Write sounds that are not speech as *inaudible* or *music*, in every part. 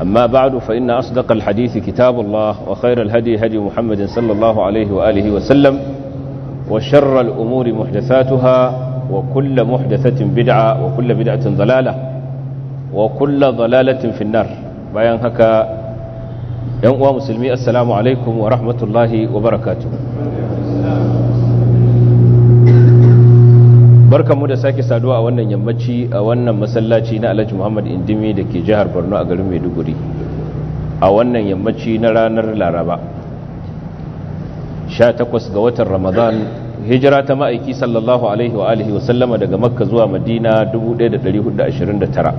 أما بعد فإن أصدق الحديث كتاب الله وخير الهدي هدي محمد صلى الله عليه وآله وسلم وشر الأمور محدثاتها وكل محدثة بدعة وكل بدعة ضلالة وكل ضلالة في النار بيان هكا ينقوى مسلمي السلام عليكم ورحمة الله وبركاته barkamu da sake saduwa a wannan yammaci a wannan masallaci na alhaji muhammad indimi da ke jihar borno a garin maiduguri a wannan yammaci na ranar laraba 18 ga watan ramadan hijira ta ma'aiki sallallahu alaihi wa alihi wasallama daga makka zuwa madina 1429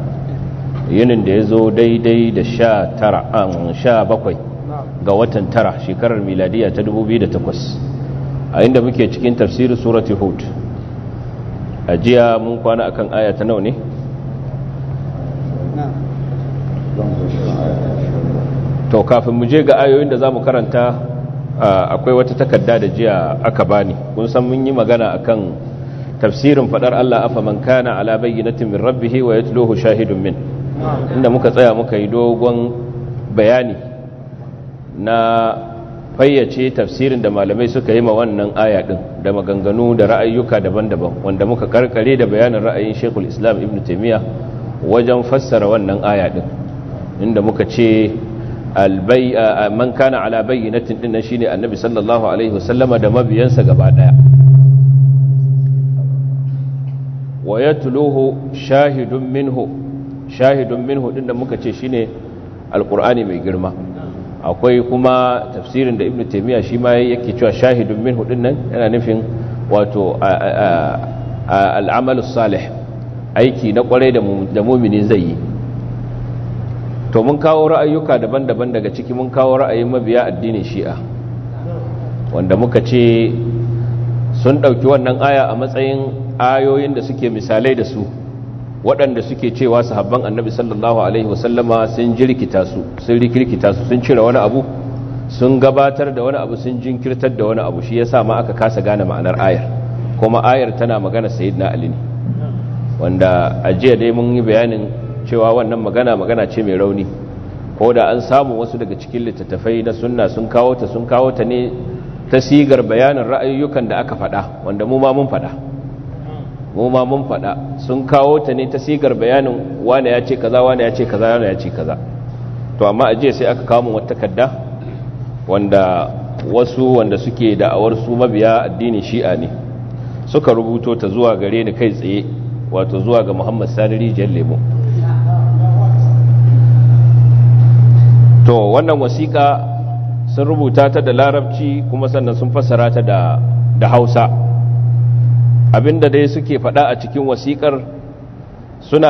yinin da ya zo daidai da 17 ga watan tara shekarar miladiya ta 2008 a inda muke cikin tafsirin surati hud a jiya mun kwana akan aya ta nawa ne to kafin mu je ga ayoyin da za mu karanta akwai wata takarda da jiya aka bani kun san mun yi magana akan tafsirin fadar Allah afa man kana ala bayyinatin min rabbihi wa yatluhu shahidun min inda muka tsaya muka yi dogon bayani na fayyace tafsirin da malamai suka yi ma wannan aya din da maganganu da ra'ayyuka daban-daban wanda muka karkare da bayanin ra'ayin Sheikhul Islam Ibn Taymiyyah wajen fassara wannan aya din inda muka ce albay man kana ala bayyinatin din nan shine Annabi sallallahu alaihi wasallama da mabiyansa gaba daya wa yatluhu shahidun minhu shahidun minhu din da muka ce shine alqur'ani mai girma akwai kuma tafsirin da ibnu taymiya shi ma yake cewa shahidun min hudin nan yana nufin wato al'amalus salih aiki na kwarai da mumini zai yi to mun kawo ra'ayyuka daban-daban daga ciki mun kawo ra'ayin mabiya addinin shi'a wanda muka ce sun ɗauki wannan aya a matsayin ayoyin da suke misalai da su waɗanda suke cewa sahabban annabi sallallahu alaihi wasallama sun jirkita su sun rikirkita su sun cire wani abu sun gabatar da wani abu sun jinkirtar da wani abu shi yasa ma aka kasa gane ma'anar ayar kuma ayar tana magana sayid ali ne wanda a jiya dai mun yi bayanin cewa wannan magana magana ce mai rauni ko da an samu wasu daga cikin littattafai na sunna sun kawo ta sun kawo ta ne ta sigar bayanin ra'ayoyukan da aka faɗa wanda mu ma mun faɗa mu ma mun faɗa sun kawo ta ne ta sigar bayanin wane ya ce kaza wane ya ce kaza wane ya ce kaza to amma aje sai aka kawo wata takarda wanda wasu wanda suke da'awar su mabiya addinin shi'a ne suka rubuto ta zuwa gare ni kai tsaye wato zuwa ga Muhammad Sani Rijiyar Lemo to wannan wasiƙa sun rubuta ta da larabci kuma sannan sun fassara ta da Hausa abinda dai suke faɗa a cikin wasikar suna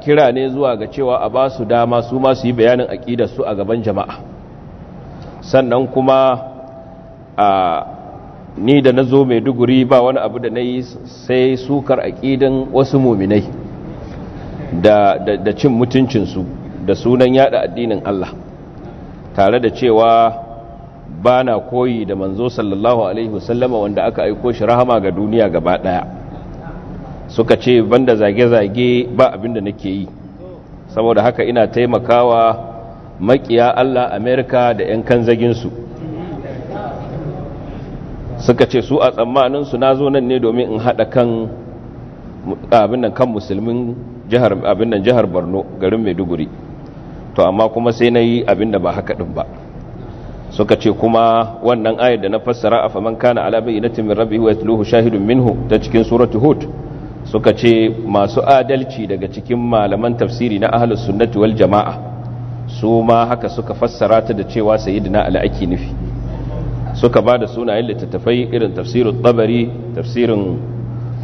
kira ne zuwa ga cewa a ba su dama su ma su yi bayanin aƙidarsu a gaban jama'a sannan kuma a ni da na zo mai duguri ba wani abu da na yi sai sukar aƙidan wasu muminai da cin mutuncinsu da sunan yada addinin Allah tare da cewa ba na koyi da manzo sallallahu alaihi wasallama wanda aka aiko shi rahama ga duniya gaba daya suka ce banda zage-zage ba abinda nake yi saboda haka ina taimakawa makiya Allah Amerika da 'yan zaginsu. suka ce su a tsammaninsu na zo nan ne domin in haɗa kan abin da kan musulmin jihar abin da jihar Borno garin Maiduguri to amma kuma sai na yi abin da ba haka ɗin ba suka ce kuma wannan ayar da na fassara a faman kana ala na timin rabbihi wa yatluhu shahidun minhu ta cikin suratu hud suka ce masu adalci daga cikin malaman tafsiri na ahlus sunnati wal jama'a su ma haka suka fassara ta da cewa sayyidina al'aki nufi suka ba da sunayen littattafai irin tafsirin tabari tafsirin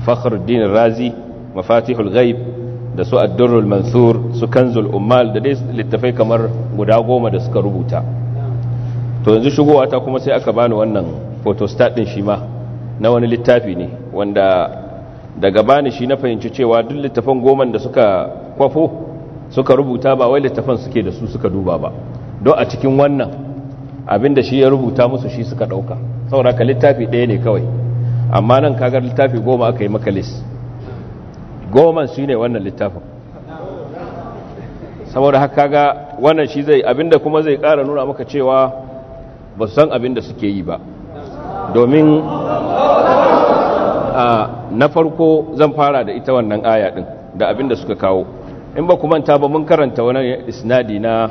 fakhruddin razi mafatihul ghaib da su ad mansur su kanzul ummal da dai littattafai kamar guda goma da suka rubuta to yanzu shigowa ta kuma sai aka bani wannan photostat din shi ma na wani littafi ne wanda daga bani shi na fahimci cewa duk littafan goma da suka kwafo suka rubuta ba wai littafan suke da su suka duba ba don a cikin wannan abin da shi ya rubuta musu shi suka ɗauka saboda ka littafi ɗaya ne kawai amma nan kagar littafi goma aka yi maka list goman shi ne wannan littafin saboda haka ga wannan shi zai abinda kuma zai ƙara nuna maka cewa ba san abin da suke yi ba domin na farko zan fara da ita wannan aya din da abin da suka kawo in ba manta ba mun karanta wani isnadi na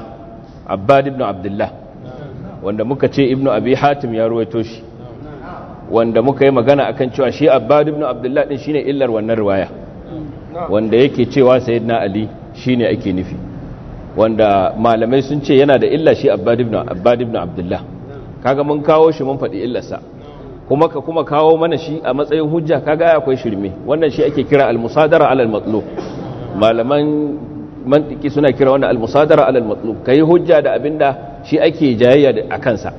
abbad ibn abdullah wanda muka ce ibn abi hatim ya ruwaito shi wanda muka yi magana akan cewa shi abbad ibn abdullah din shine illar wannan riwaya wanda yake cewa sayyidina ali shine ake nufi wanda malamai sun ce yana da illa shi ibn abdullah kaga mun kawo shi mun faɗi illarsa kuma ka kuma kawo mana shi a matsayin hujja kaga akwai shirme wannan shi ake kira al-musadara alal matlub malaman mantiki suna kira wannan al-musadara alal matlub kai hujja da abinda shi ake jayayya a kansa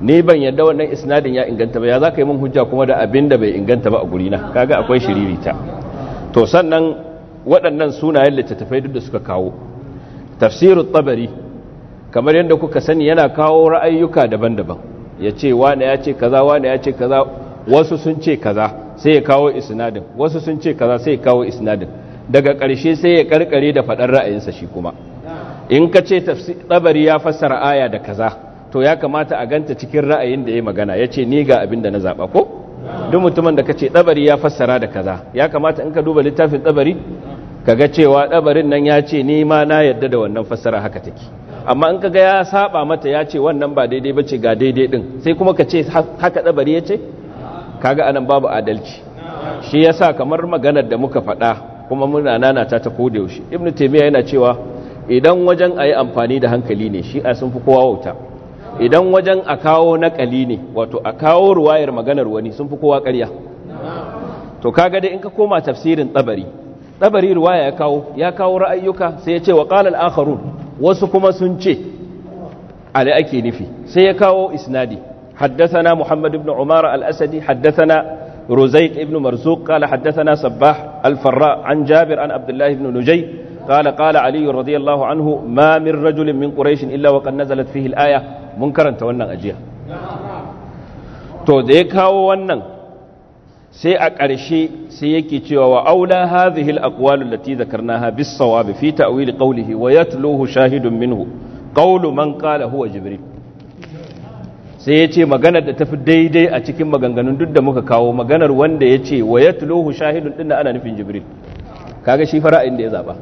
ne ban yadda wannan isnadin ya inganta ba ya zaka yi mun hujja kuma da abinda bai inganta ba a gurina kaga akwai shiririta to sannan waɗannan sunayen littattafai duk da suka kawo tafsirul tabari kamar yadda kuka sani yana kawo ra'ayyuka daban-daban ya ce wane ya ce kaza wane ya ce kaza wasu sun ce kaza sai ya kawo isnadin wasu sun ce kaza sai ya kawo isnadin daga ƙarshe sai ya ƙarƙare da faɗar ra'ayinsa shi kuma in ka ce tabari ya fassara aya da kaza to ya kamata a ganta cikin ra'ayin da ya magana ya ce ni ga abin da na zaɓa ko duk mutumin da ka ce tabari ya fassara da kaza ya kamata in ka duba littafin tabari ka ga cewa tabarin nan ya ce ni ma na yadda da wannan fassara haka take amma in kaga ya saba mata ya ce wannan ba daidai ba ce ga daidai din sai kuma ka ce haka dabari ya ce kaga anan babu adalci shi ya sa kamar maganar da muka faɗa kuma muna nanata ta koda yaushe ibnu taimiyya yana cewa idan wajen a yi amfani da hankali ne shi a sun fi kowa wauta idan wajen a kawo nakali ne wato a kawo ruwayar maganar wani sun fi kowa ƙarya to kaga dai in ka koma tafsirin tsabari tsabari ruwaya ya kawo ya kawo ra'ayyuka sai ya ce wa qala wasu kuma sun ce ali ake nufi sai ya kawo isnadi haddathana muhammad ibn umar al-asadi haddathana ruzayq ibn marzuq kala haddathana sabbah alfarra an jabir an abdullahi ibn nujay kala kala aliyu radiyallahu anhu ma min rajulin min quraish illa wa qad nazalat fihi al-aya mun karanta wannan ajiya to da ya kawo wannan sai a ƙarshe sai yake cewa wa aula hadhihi al-aqwal allati dhakarnaha bis-sawab fi ta'wil qawlihi wa yatluhu shahidun minhu qawlu man qala huwa jibril sai yace magana da tafi daidai a cikin maganganun duk da muka kawo maganar wanda yace wa yatluhu shahidun din ana nufin jibril kaga shi fara'in da ya zaba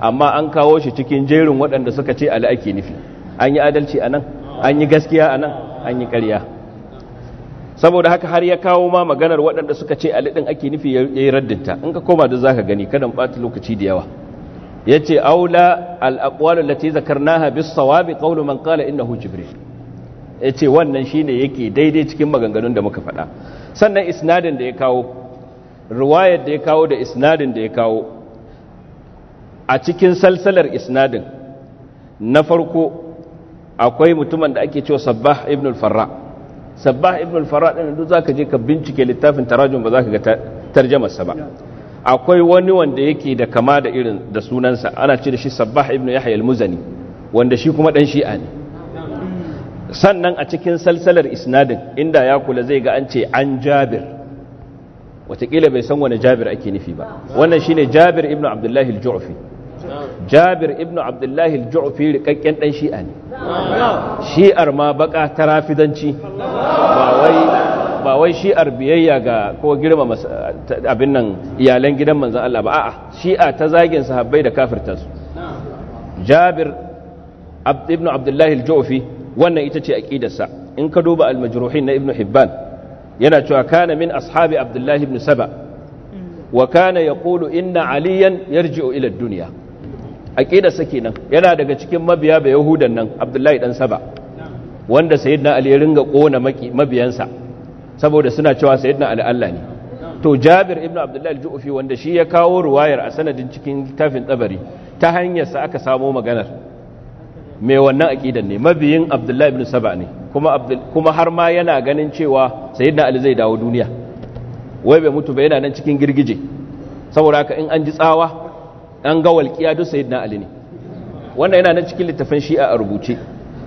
amma an kawo shi cikin jerin waɗanda suka ce ala ake nufi an yi adalci anan an yi gaskiya anan an yi ƙarya saboda haka har ya kawo ma maganar waɗanda suka ce ali ɗin ake nufi ya yi raddinta in ka koma da za ka gani kada ɓata lokaci da yawa ya ce aula al'aƙwalu lati zakarnaha bis sawabi qawlu man qala innahu jibril ya ce wannan shine yake daidai cikin maganganun da muka faɗa sannan isnadin da ya kawo riwayar da ya kawo da isnadin da ya kawo a cikin salsalar isnadin na farko akwai mutumin da ake cewa sabbah ibn al-farra sabbah ibn al-farad din duk zaka je ka bincike littafin tarajum ba zaka ga tarjumar ba akwai wani wanda yake da kama da irin da sunansa ana ce da shi sabbah ibn yahya al-muzani wanda shi kuma dan shi'a ne sannan a cikin salsalar isnadin inda ya kula zai ga an ce an jabir watakila bai san wani jabir ake nufi ba wannan shine jabir ibn abdullahi al-ju'fi jabir ibn abdullahi al-ju'fi rikakken dan shi'a ne shi'ar ma baka ta rafidanci ba wai ba wai shi'ar biyayya ga ko girmama abin nan iyalan gidan manzon Allah ba a'a shi'a ta zagin sahabbai da kafirtansu jabir ibn abdullahi al-ju'fi wannan ita ce aqidarsa in ka duba al-majruhin na ibn hibban yana cewa kana min ashabi abdullahi ibn saba mm. wa kana yaqulu inna aliyan yarji'u ila ad-dunya aqida sa kenan yana daga cikin mabiya ba yahudan nan abdullahi dan saba wanda sayyidina ali ya ringa kona mabiyansa saboda suna cewa sayyidina ali Allah ne to jabir ibn abdullahi al-ju'fi wanda shi ya kawo ruwayar a sanadin cikin tafin tsabari ta hanyar sa aka samo maganar Me wannan aqidan ne mabiyin abdullahi ibnu saba ne kuma kuma har ma yana ganin cewa sayyidina ali zai dawo duniya wai bai mutu ba yana nan cikin girgije saboda haka in an ji tsawa Ɗan ga walkiya duk sayyidina ali ne wannan yana nan cikin littafin shi'a a rubuce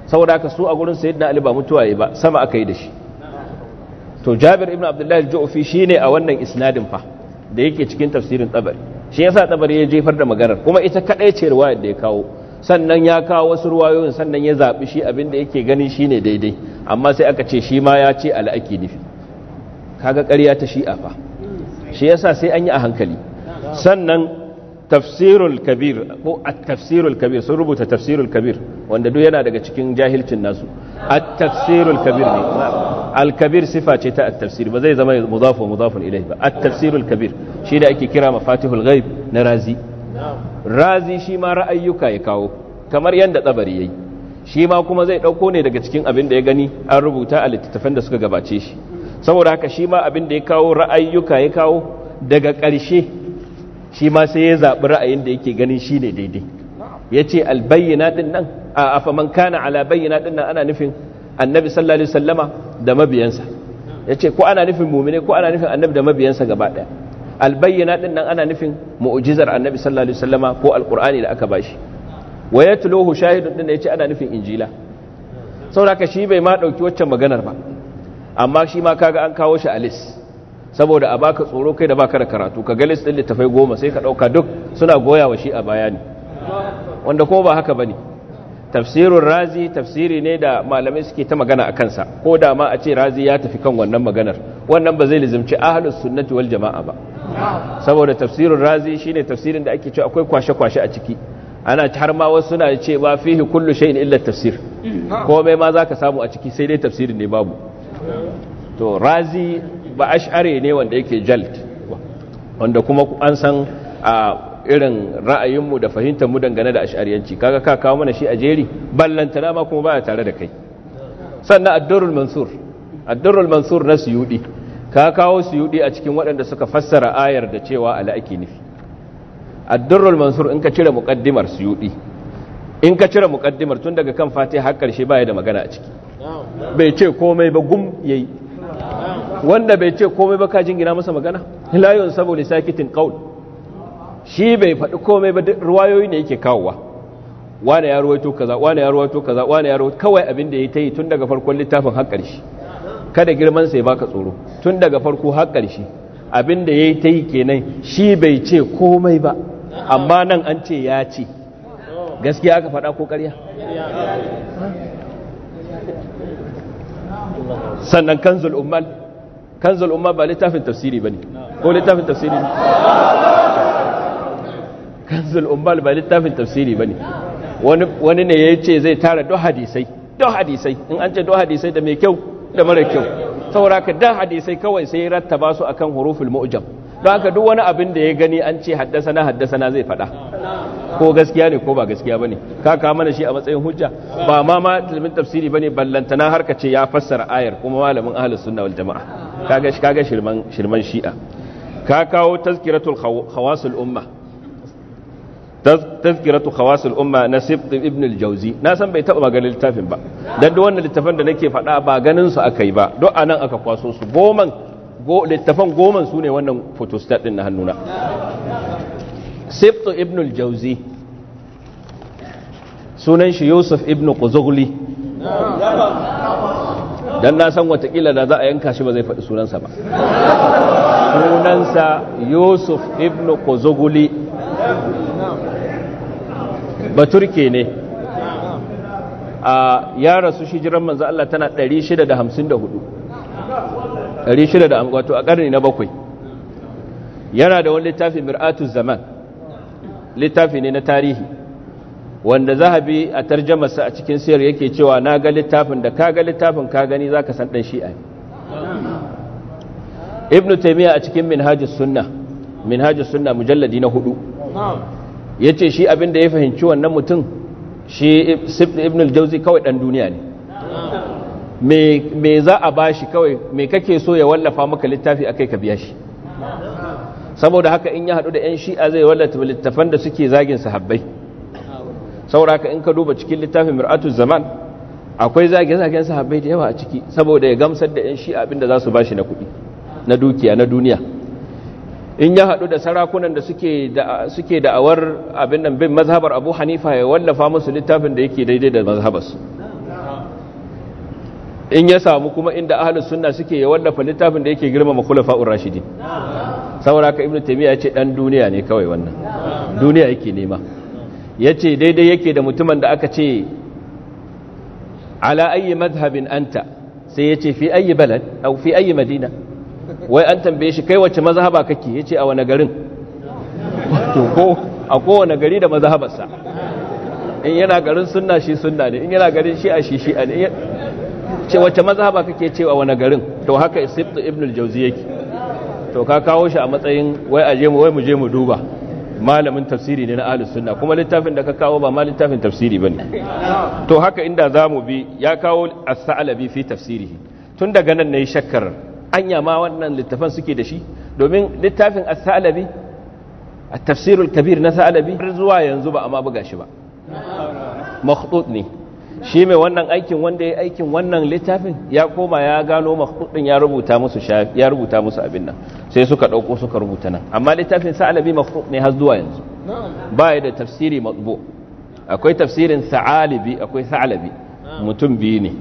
saboda aka su a gurin sayyidina ali ba mutuwa ba sama aka yi da shi to jabir ibn abdullahi al shi ne a wannan isnadin fa da yake cikin tafsirin tabari shi yasa tabari ya jefar da maganar kuma ita kadai ce riwayar da ya kawo sannan ya kawo wasu ruwayoyin sannan ya zaɓi shi abin da yake ganin shi ne daidai amma sai aka ce shi ma ya ce al'aki nufi kaga ƙarya ta shi'a fa shi yasa sai an yi a hankali sannan tafsirul kabir ko a kabir sun rubuta tafsirul kabir wanda duk yana daga cikin jahilcin nasu a kabir ne al-kabir sifa ce ta at ba zai zama mudafu mudafun ilayhi ba at kabir shi da ake kira mafatihul ghaib na razi razi shi ma ra'ayyuka ya kawo kamar yadda tsabari yayi shi ma kuma zai ɗauko ne daga cikin abin da ya gani an rubuta a littattafan da suka gabace shi saboda haka shi ma abin da ya kawo ra'ayyuka ya kawo daga ƙarshe shi ma sai ya zaɓi ra'ayin da yake ganin shi ne daidai ya ce albayyana ɗin nan a afaman kana ala bayyana ɗin nan ana nufin annabi sallallahu alaihi wasallama da mabiyansa ya ce ko ana nufin mumine ko ana nufin annabi da mabiyansa gaba ɗaya albayyana ɗin nan ana nufin mu'ujizar annabi sallallahu alaihi wasallama ko alƙur'ani da aka bashi wa ya tulohu shahidun ɗin da ya ce ana nufin injila saboda ka shi bai ma ɗauki waccan maganar ba amma shi ma kaga an kawo shi a list saboda a baka tsoro kai da baka da karatu ka galis din littafai goma sai ka dauka duk suna goya wa shi a bayani wanda ko ba haka bane tafsirin razi tafsiri ne da malamai suke ta magana a kansa ko da ma a ce razi ya tafi kan wannan maganar wannan ba zai lizimci ahlus sunnati wal jama'a ba saboda tafsirin razi shine tafsirin da ake cewa akwai kwashe-kwashe a ciki ana har ma wasu suna ce ba fihi kullu shay'in illa tafsir komai ma zaka samu a ciki sai dai tafsirin ne babu to razi ba ash'ari ne wanda yake jalt wanda kuma an san a irin ra'ayinmu da fahimtar mu dangane da ash'ariyanci kaga ka kawo mana shi a jeri ballantana ma kuma baya tare da kai sannan addurul mansur addurul mansur na suyudi ka kawo suyudi a cikin waɗanda suka fassara ayar da cewa ala nufi addurul mansur in ka cire muƙaddimar suyudi in ka cire muƙaddimar tun daga kan fatiha har karshe baya da magana a ciki bai ce komai ba gum yayi wanda bai ce komai ba ka gina masa magana la saboda sakitin qaul shi bai faɗi komai ba ruwayoyi ne yake kawowa wane ya ruwaito kaza wane ya ruwaito kaza wane ya ruwaito kawai abin da ta yi tun daga farkon littafin har ƙarshe kada girman sai baka tsoro tun daga farko har ƙarshe abin da ta yi kenan shi bai ce komai ba amma nan an ce ya ce gaskiya aka faɗa ko ƙarya sannan kanzul ummal kanzul umma ba littafin tafsiri bane ko littafin tafsiri ne kanzul umma ba littafin tafsiri bane wani wani ne yace zai tara duk hadisai duk hadisai in an ce duk hadisai da mai kyau da mara kyau saboda ka da hadisai kawai sai rattaba su akan hurufin mu'jam don haka duk wani abin da ya gani an ce haddasa na haddasa na zai faɗa ko gaskiya ne ko ba gaskiya bane ka kawo mana shi a matsayin hujja ba ma ma malamin tafsiri bane ballantana Na harka ce ya fassara ayar kuma malamin ahlus sunna wal jamaa Ka ga shirman shirman shi'a ka kawo tazkiratul khawasul umma tazkiratu khawasul umma na ibn al-jawzi na san bai taba maganin littafin ba dan duk wannan littafin da nake faɗa ba ganin su aka yi ba duk anan aka kwaso su goman go littafan goman su ne wannan photostat din na hannuna siftu ibnul jauzi sunan shi yusuf ibn quzugli dan na san watakila da za a yanka shi ba zai faɗi sunansa ba sunansa yusuf ibn quzugli baturke ne a ya rasu shijiran manzo Allah tana 654 wato a ƙarni na bakwai yana da wani littafi mir'atu zaman littafi ne na tarihi wanda za a tarjamarsa a cikin siyar yake cewa na ga littafin da ka ga littafin ka gani za ka san ɗan shi'a ne ibn taimiyya a cikin minhajis sunna minhajis sunna mujalladi na hudu ya ce shi abin da ya fahimci wannan mutum shi ibn jauzi kawai ɗan duniya ne me za a ba shi kawai me kake so ya wallafa maka littafi a kai ka biya shi saboda haka in ya haɗu da 'yan shi'a zai wallata littafan da suke zagin sahabbai saboda haka in ka duba cikin littafin mir'atu zaman akwai zage-zagen sahabbai da yawa a ciki saboda ya gamsar da 'yan shi'a abinda za su ba shi na kuɗi na dukiya na duniya in ya haɗu da sarakunan da suke da'awar abin nan bin mazhabar abu hanifa ya wallafa musu littafin da yake daidai da mazhabarsu in ya samu kuma inda ahalus sunna suke ya wallafa littafin da yake girmama makulafa'ur Rashidi. saboda ka Ibn taymiya yace dan duniya ne kawai wannan duniya yake nema yace daidai yake da mutumin da aka ce ala ayyi madhhabin anta sai yace fi ayyi balad aw fi ayyi madina wai an tambaye shi kai wacce mazhaba kake yace a wani garin to ko a kowane gari da mazhabarsa in yana garin sunna shi sunna ne in yana garin shi'a shi shi'a ne ce wacce mazhaba kake cewa wani garin to haka sibt ibn al-jawzi yake to ka kawo shi a matsayin wai mu wai mu je mu duba malamin tafsiri ne na ahlus sunna kuma littafin da ka kawo ba ma littafin tafsiri bane to haka inda zamu bi ya kawo as-sa'labi fi tafsirihi tun daga nan nayi shakkar anya ma wannan littafin suke da shi domin littafin as-sa'labi at-tafsirul kabir na sa'labi zuwa yanzu ba amma buga shi ba makhdud ne shi mai wannan aikin wanda ya aikin wannan littafin ya koma ya gano mahudin ya rubuta musu ya rubuta musu abin nan sai suka dauko suka rubuta nan amma littafin sa'alabi mahud ne har zuwa yanzu ba ya da tafsiri matbu akwai tafsirin sa'alabi akwai sa'alabi mutum biyu ne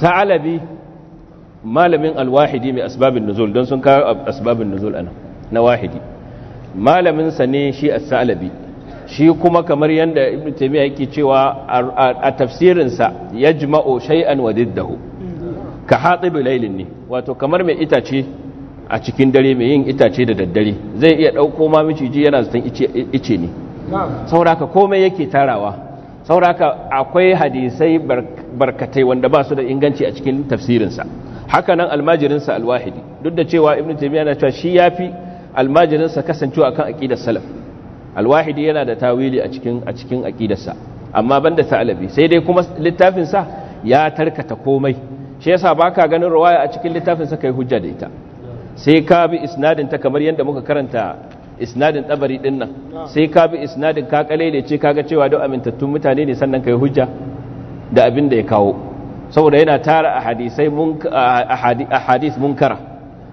sa'alabi malamin alwahidi mai asbabin nuzul don sun kawo asbabin nuzul anan na wahidi malamin sa ne shi as-sa'alabi shi kuma kamar yadda ibn taymiya yake cewa a tafsirinsa yajma'u shay'an wa diddahu ka hatib laylin ne wato kamar mai itace a cikin dare mai yin itace da daddare zai iya ɗauko ma ji yana zaton ice ne sauraka komai yake tarawa sauraka akwai hadisai barkatai wanda ba su da inganci a cikin tafsirinsa hakanan nan almajirinsa alwahidi duk da cewa ibn taymiya na cewa shi ya fi almajirinsa kasancewa akan aqidar salaf alwahidi yana da tawili a cikin a cikin aqidarsa amma banda ta'alabi sai dai kuma littafin sa ya tarkata komai shi yasa baka ganin riwaya a cikin littafin sa kai hujja da ita sai ka bi isnadin ta kamar yadda muka karanta isnadin tabari din nan sai ka bi isnadin ka kalele ce kaga cewa duk amintattun mutane ne sannan kai hujja da abin da ya kawo saboda yana tara ahadisai mun ahadis munkara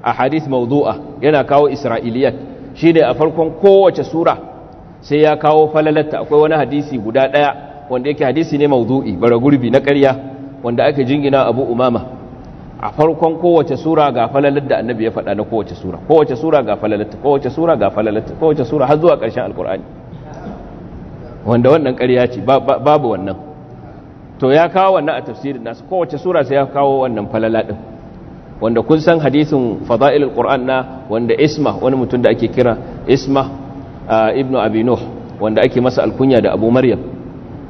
ahadis mawdu'a yana kawo isra'iliyat shine a farkon kowace sura sai ya kawo falalatta akwai wani hadisi guda ɗaya wanda yake hadisi ne mawdu'i bara gurbi na ƙarya wanda ake jingina abu umama a farkon kowace sura ga falalatta annabi ya faɗa na kowace sura kowace sura ga falalatta kowace sura ga falalatta kowace sura har zuwa ƙarshen alkur'ani wanda wannan ƙarya ce babu wannan to ya kawo wannan a tafsirin nasu kowace sura sai ya kawo wannan falala din wanda kun san hadisin fada'ilul qur'an na wanda isma wani mutum da ake kira isma ibnu abi nuh wanda ake masa alkunya da abu maryam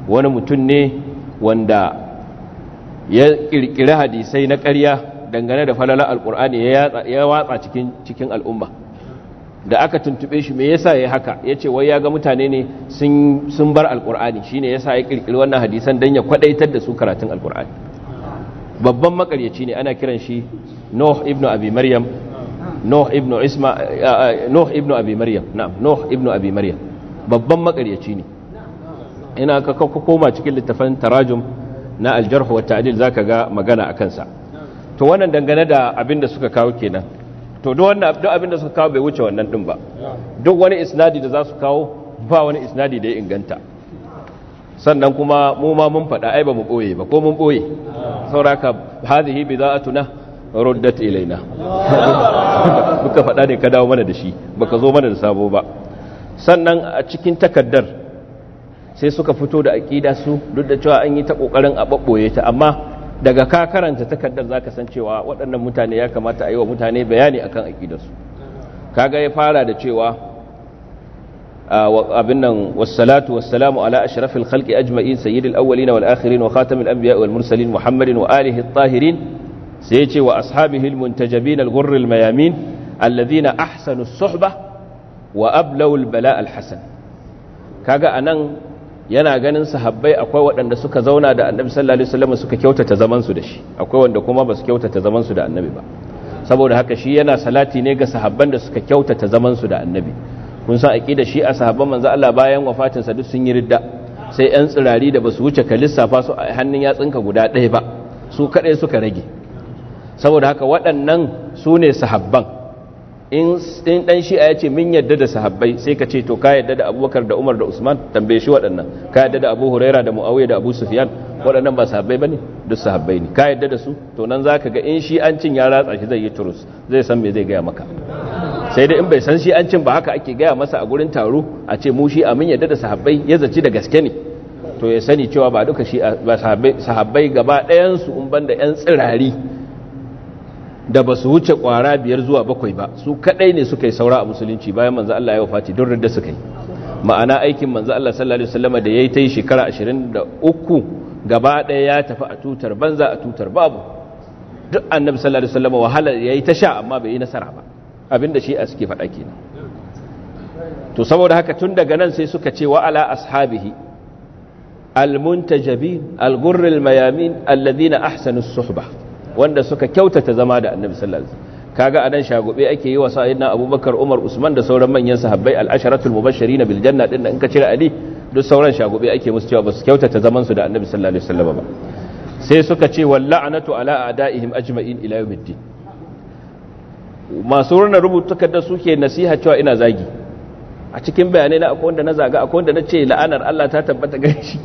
wani mutum ne wanda ya kirkiri hadisai na ƙarya dangane da falala alkur'ani ya watsa cikin cikin al'umma da aka tuntube shi me yasa ya haka ya ce wai ya ga mutane ne sun bar alkur'ani shine yasa ya kirkiri wannan hadisan dan ya kwadaitar da su karatun alkur'ani babban makaryaci ne ana kiran shi Nuh ibn Abi Maryam Nuh ibn Isma eh, eh, Nuh ibn Abi Maryam na'am Nuh ibn Abi Maryam babban makaryaci ne ina ka koma cikin littafin tarajum na al wa ta'dil zaka ga magana akan sa to wannan dangane da abin da suka kawo kenan to duk wannan duk abin da suka kawo bai wuce wannan din ba duk wani isnadi da za su kawo ba wani isnadi da ya inganta sannan kuma mu ma mun faɗa ai ba mu boye ba ko mun ɓoye sauraka hadhihi bida'atuna ruddat ilaina *laughs* muka faɗa ne ka dawo mana da shi baka zo mana da sabo ba sannan a cikin takaddar sai suka fito da aƙida su duk da cewa an yi ta kokarin a babboye ta amma daga ka karanta takaddar zaka san cewa waɗannan mutane ya kamata a yi wa mutane bayani akan su kaga ya fara da cewa abin nan wassalatu wassalamu ala ashrafil khalqi ajma'in sayyidil awwalin wal akhirin wa khatamil anbiya wal mursalin muhammadin wa alihi at-tahirin sai ce wa ashabihil muntajabin al-ghurril mayamin allazina ahsanu suhba wa ablaw bala al-hasan kaga anan yana ganin sahabbai akwai waɗanda suka zauna da annabi sallallahu alaihi wasallam suka kyautata zaman su da shi akwai wanda kuma ba su kyautata zaman su da annabi ba saboda haka shi yana salati ne ga sahabban da suka kyautata zaman su da annabi kun san aqida shi a sahabban manzo Allah bayan wafatin sa duk sun yi ridda sai yan tsirari da basu wuce ka lissafa su a hannun yatsinka guda ɗaya ba su kadai suka rage saboda haka waɗannan su ne sahabban in ɗan shi'a ya ce min yadda da sahabbai sai ka ce to ka yadda da abubakar da umar da usman tambaye shi waɗannan ka yadda da abu huraira da mu'awiyya da abu sufyan waɗannan ba sahabbai bane duk sahabbai ne ka yadda da su to nan zaka ga in shi an cin ya ratsa shi zai yi turus zai san me zai gaya maka sai dai in bai san shi an cin ba haka ake gaya masa a gurin taro a ce mu shi a min yadda da sahabbai ya zaci da gaske ne to ya sani cewa ba duka shi ba sahabbai gaba ɗayan su in banda yan tsirari da ba su wuce kwara biyar zuwa bakwai ba su kadai ne suka yi saura a musulunci bayan manzo Allah ya wafati don da suka yi ma'ana aikin manzo Allah sallallahu alaihi wasallama da yayi ta yi shekara 23 gaba ɗaya ya tafi a tutar banza a tutar babu duk annabi sallallahu alaihi wasallama wahala yayi ta sha amma bai yi nasara ba abinda shi a suke faɗa kenan to saboda haka tun daga nan sai suka ce wa ala ashabihi almuntajabin algurril mayamin alladhina ahsanu suhbah wanda suka kyautata zama da annabi sallallahu alaihi wasallam kaga anan shagube ake yi wa sayyidina abubakar umar usman da sauran manyan sahabbai al-asharatul mubashirin bil janna din in ka cire ali duk sauran shagube ake musu cewa basu kyautata zaman su da annabi sallallahu alaihi wasallam ba sai suka ce walla'anatu ala a'daihim ajma'in ila yawmiddin masu rana rubuta kada suke nasiha cewa ina zagi a cikin bayanai na akwai wanda na zaga akwai wanda na ce la'anar Allah ta tabbata gare shi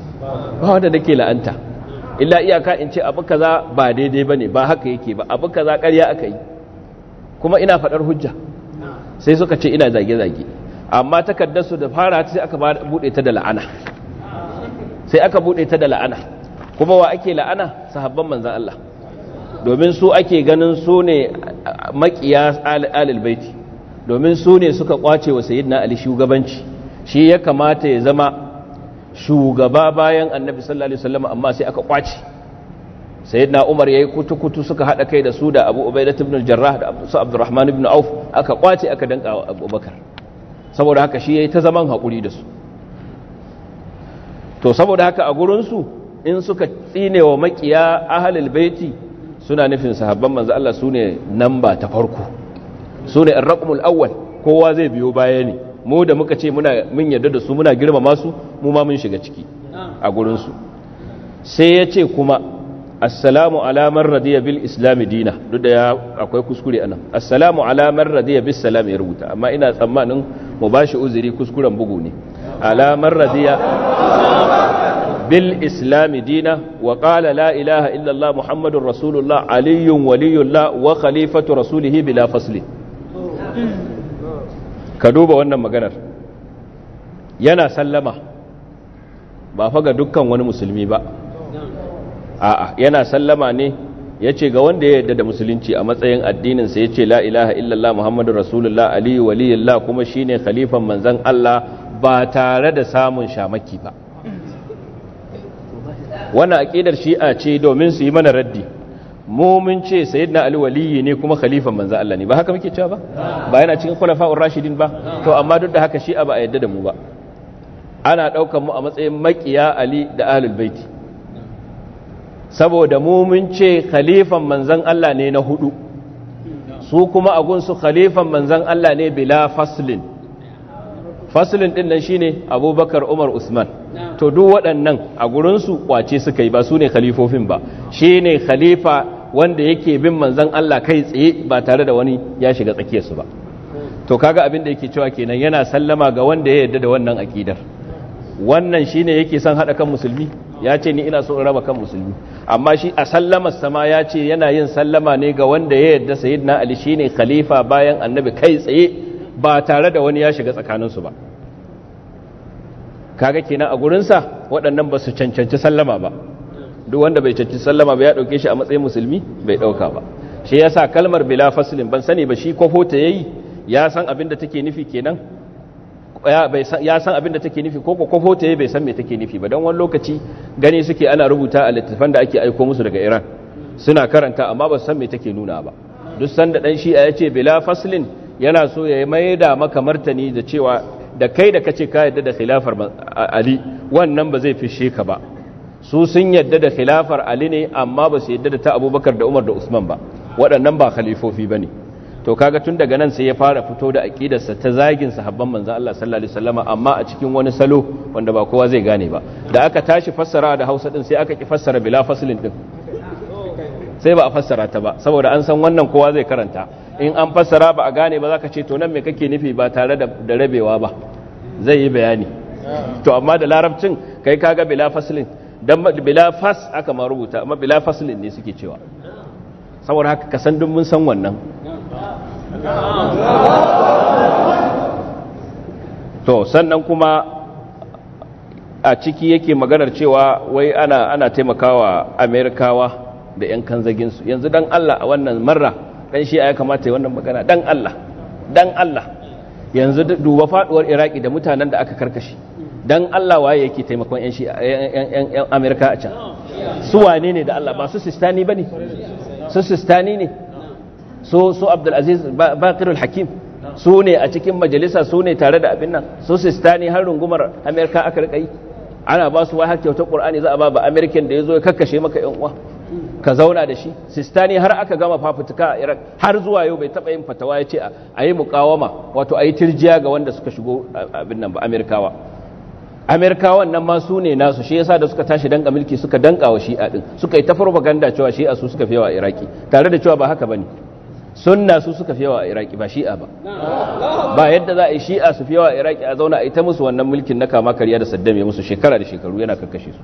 ba wanda nake la'anta illa iyaka in ce abu kaza ba daidai bane ba haka yake ba abu kaza ƙarya aka yi kuma ina faɗar hujja sai suka ce ina zage-zage amma takardarsu da fara sai aka buɗe ta da la'ana sai aka buɗe ta da la'ana kuma wa ake la'ana sahabban manzan Allah domin su ake ganin su ne makiya alil baiti domin su ne suka kwace wa sayyidina ali shugabanci shi ya kamata ya zama shugaba bayan annabi sallallahu alaihi wasallam amma sai aka kwace sayyidina umar yayi kutu-kutu suka hada kai da su da abu ubaidah ibn al-jarrah da abu abdurrahman ibn auf aka kwace aka danka wa abubakar saboda haka shi yayi ta zaman hakuri da su to saboda haka a gurin su in suka tsine wa makiya ahlul baiti suna nufin sahabban manzo Allah sune namba ta farko sune ar-raqmul awwal kowa zai biyo baya ne mu da muka ce mun yarda da su muna girmama su mu ma mun shiga ciki a gurinsu sai ya ce kuma assalamu alamar man radiya bil islam dina duk da ya akwai kuskure anan assalamu alamar radiya salam ya rubuta amma ina tsammanin mu bashi uzuri kuskuren bugu ne ala radiya bil islam dina wa qala la ilaha illa allah muhammadur aliyun aliyyun la wa khalifatu rasulihi bila fasli ka duba wannan maganar yana sallama ba fa ga dukkan wani musulmi ba a'a yana sallama ne ya ce ga wanda ya yarda da musulunci a matsayin addininsa ya ce la ilaha illallah muhammadu rasulullah aliyu waliyullah kuma shi shine khalifan manzan Allah ba tare da samun shamaki ba wani aƙidar shi'a ce domin su yi mana raddi mu ce sayyidina ali waliyi ne kuma khalifan manzo Allah ne ba haka muke cewa ba ba yana cikin khulafa'ur rashidin ba to amma duk da haka shi ba a yadda da mu ba ana daukar mu a matsayin makiya ali da ahlul baiti saboda mu ce khalifan manzon Allah ne na hudu su kuma a gun su khalifan manzon Allah ne bila faslin faslin din nan shine Abubakar Umar Usman to duk waɗannan a gurin su kwace suka yi ba su ne khalifofin ba shine khalifa wanda yake bin manzon Allah kai tsaye ba tare da wani ya shiga tsakiyarsu ba to kaga abin da yake cewa kenan yana sallama ga wanda ya yarda da wannan akidar wannan shine yake son hada kan musulmi ya ce ni ina so raba kan musulmi amma shi a sallamar sama ya ce yana yin sallama ne ga wanda ya yarda sayyidina ali shine khalifa bayan annabi kai tsaye ba tare da wani ya shiga tsakaninsu ba kaga kenan a gurin sa waɗannan ba su cancanci sallama ba duk wanda bai cancanci sallama ba ya dauke shi a matsayin musulmi bai dauka ba shi yasa kalmar bila fasilin ban sani ba shi kwafo ta yayi ya san abin da take nufi kenan ya san abin da take nufi ko kwafo ta yayi bai san me take nufi ba don wani lokaci gani suke ana rubuta a littattafan da ake aiko musu daga Iran suna karanta amma ba su san me take nuna ba duk sanda dan shi'a ya ce bila faslin yana so ya da maka martani da cewa da kai da kace ka yadda da khilafar Ali wannan ba zai fishe ka ba su sun yadda da khilafar ali ne amma ba su yadda da ta abubakar da umar da usman ba waɗannan ba khalifofi ba ne to kaga tun daga nan sai ya fara fito da aƙidarsa ta zagin sahabban manzan Allah sallallahu alaihi wasallama amma a cikin wani salo wanda ba kowa zai gane ba da aka tashi fassara da Hausa din sai aka ki fassara bila faslin din sai ba a fassara ta ba saboda an san wannan kowa zai karanta in an fassara ba a gane ba zaka ce to nan me kake nufi ba tare da rabewa ba zai yi bayani to amma da larabcin kai kaga bila faslin don bila fas aka ma rubuta amma bila faslin ne suke cewa saboda haka ka san mun san wannan to sannan kuma a ciki yake maganar cewa wai ana ana taimakawa amerikawa da 'yan kanzaginsu yanzu dan allah a wannan marra dan shi ya kamata ya wannan magana dan allah dan allah yanzu duba faduwar iraki da mutanen da aka karkashi dan Allah waye yake taimakon yan Amerika a can su wane ne da Allah ba su sistani bane su sistani ne su Abdul Aziz Hakim su ne a cikin majalisa su ne tare da abin nan su sistani har rungumar Amerika aka rika yi ana ba su wai kyautar Qur'ani za a ba ba American da yazo ya kakkashe maka yan uwa ka zauna da shi sistani har aka gama fafutuka a iraq har zuwa yau bai taba yin fatawa ya ce a yi mukawama wato a yi tirjiya ga wanda suka shigo abin nan ba amerikawa amerikawan nan ma su ne nasu shi yasa da suka tashi danka mulki suka danka wa shi'a din suka yi ta propaganda cewa shi'a su suka fiyawa a iraki tare da cewa ba haka bane sunna su suka fiyawa a iraki ba shi'a ba ba yadda za a yi shi'a su fiyawa a iraki a zauna a ita musu wannan mulkin na kama karya da saddam ya musu shekara da shekaru yana karkashe su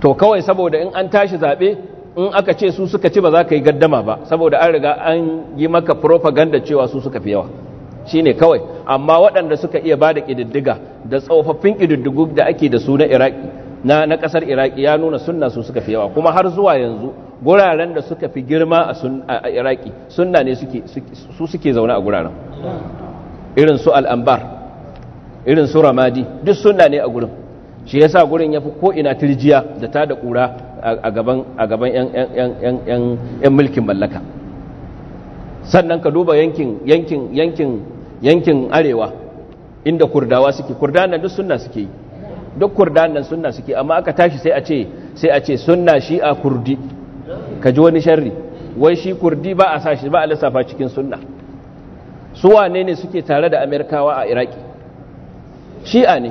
to kawai saboda in an tashi zabe in aka ce su suka ci ba za ka yi gaddama ba saboda an riga an yi maka propaganda cewa su suka fi yawa shi ne kawai amma waɗanda suka iya ba da ƙididdiga da tsofaffin ƙididdigu da ake da su na iraki na na ƙasar iraki ya nuna sunna su suka fi yawa kuma har zuwa yanzu guraren da suka fi girma a iraki sunna ne su suke zaune a guraren irin su al'ambar irin su ramadi duk sunna ne a gurin shi ya sa gurin ya fi ko'ina tirjiya da ta da ƙura a gaban 'yan mulkin mallaka sannan ka duba yankin yankin yankin yankin arewa inda kurdawa suke nan duk sunna suke yi duk nan sunna suke amma aka tashi sai a ce sai a ce sunna a kurdi ka ji wani sharri wai shi kurdi ba a sa shi ba a lissafa cikin sunna su wane ne suke tare da amerikawa a iraki shi'a ne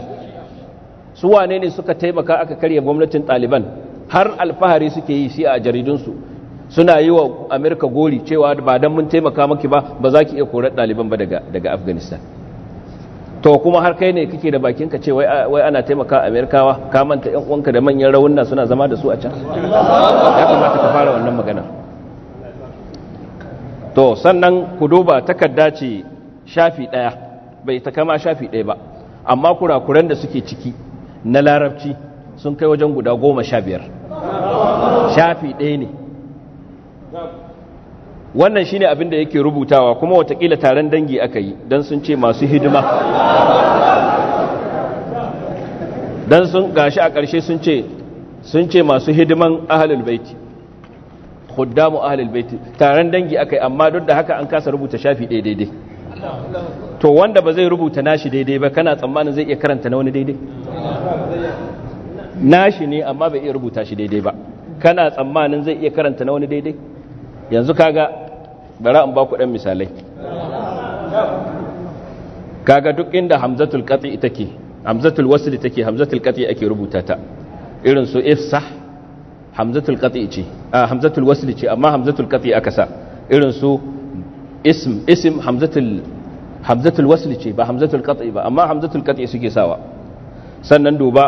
su wane ne suka taimaka aka karya gwamnatin ɗaliban har alfahari suke yi shi a jaridunsu suna yi wa amerika gori cewa ba don mun taimaka maki ba ba za ki iya korar ɗaliban ba daga afghanistan to kuma har kai ne kake da bakinka ce wai ana taimaka amerikawa ka manta yan uwanka da manyan rawunna suna zama da su a can ya kamata ka fara wannan magana to sannan ku duba takarda ce shafi ɗaya bai ta kama shafi ɗaya ba amma kurakuran da suke ciki na larabci sun kai wajen guda goma sha biyar shafi ɗaya ne wannan shine abin da yake rubutawa kuma watakila taron dangi aka yi don sun ce masu hidima don sun gashi a ƙarshe sun ce sun ce masu hidiman ahalul baiti khuddamu ahalul baiti taron dangi aka yi amma duk da haka an kasa rubuta shafi ɗaya daidai to wanda ba zai rubuta nashi daidai ba kana tsammanin zai iya karanta na wani daidai nashi ne amma bai iya rubuta shi daidai ba kana tsammanin zai iya karanta na wani daidai yanzu kaga bara in ba ku dan misalai kaga duk inda hamzatul qati take hamzatul wasl take hamzatul qati ake rubuta ta irin su ifsa hamzatul qati ce a ah, hamzatul wasl ce amma hamzatul qati aka sa irin su ism ism hamzatul hamzatul wasl ce ba hamzatul qati ba amma hamzatul qati suke sawa sannan duba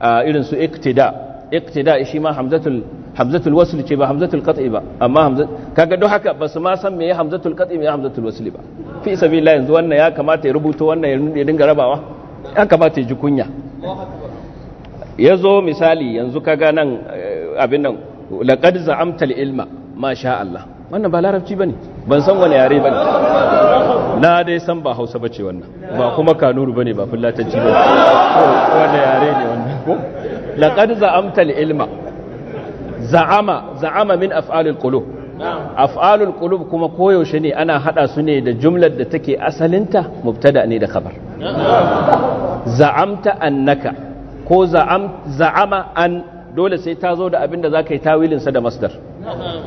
ah, irin su iktida iktida shi ma hamzatul hamzatul wasl ce ba hamzatul qat'i ba amma hamzat kaga don haka ba su ma san meye hamzatul qat'i meye hamzatul wasl ba fi sabilillah yanzu wannan ya kamata ya rubuto wannan ya dinga rabawa ya kamata ya ji kunya ya zo misali yanzu kaga nan eh, abin nan laqad za'amta ilma ma sha Allah wannan ba larabci bane ban san wani yare bane na dai san ba Hausa bace wannan ba kuma Kanuru bane ba fullatanci bane wannan yare ne wannan ko laqad za'amta ilma za'ama za'ama min af'alul qulub af'alul qulub kuma koyaushe ne ana hada su ne da jumlar da take asalinta mubtada ne da khabar za'amta annaka ko za'ama an dole sai ta zo da abinda da zaka yi tawilin sa da masdar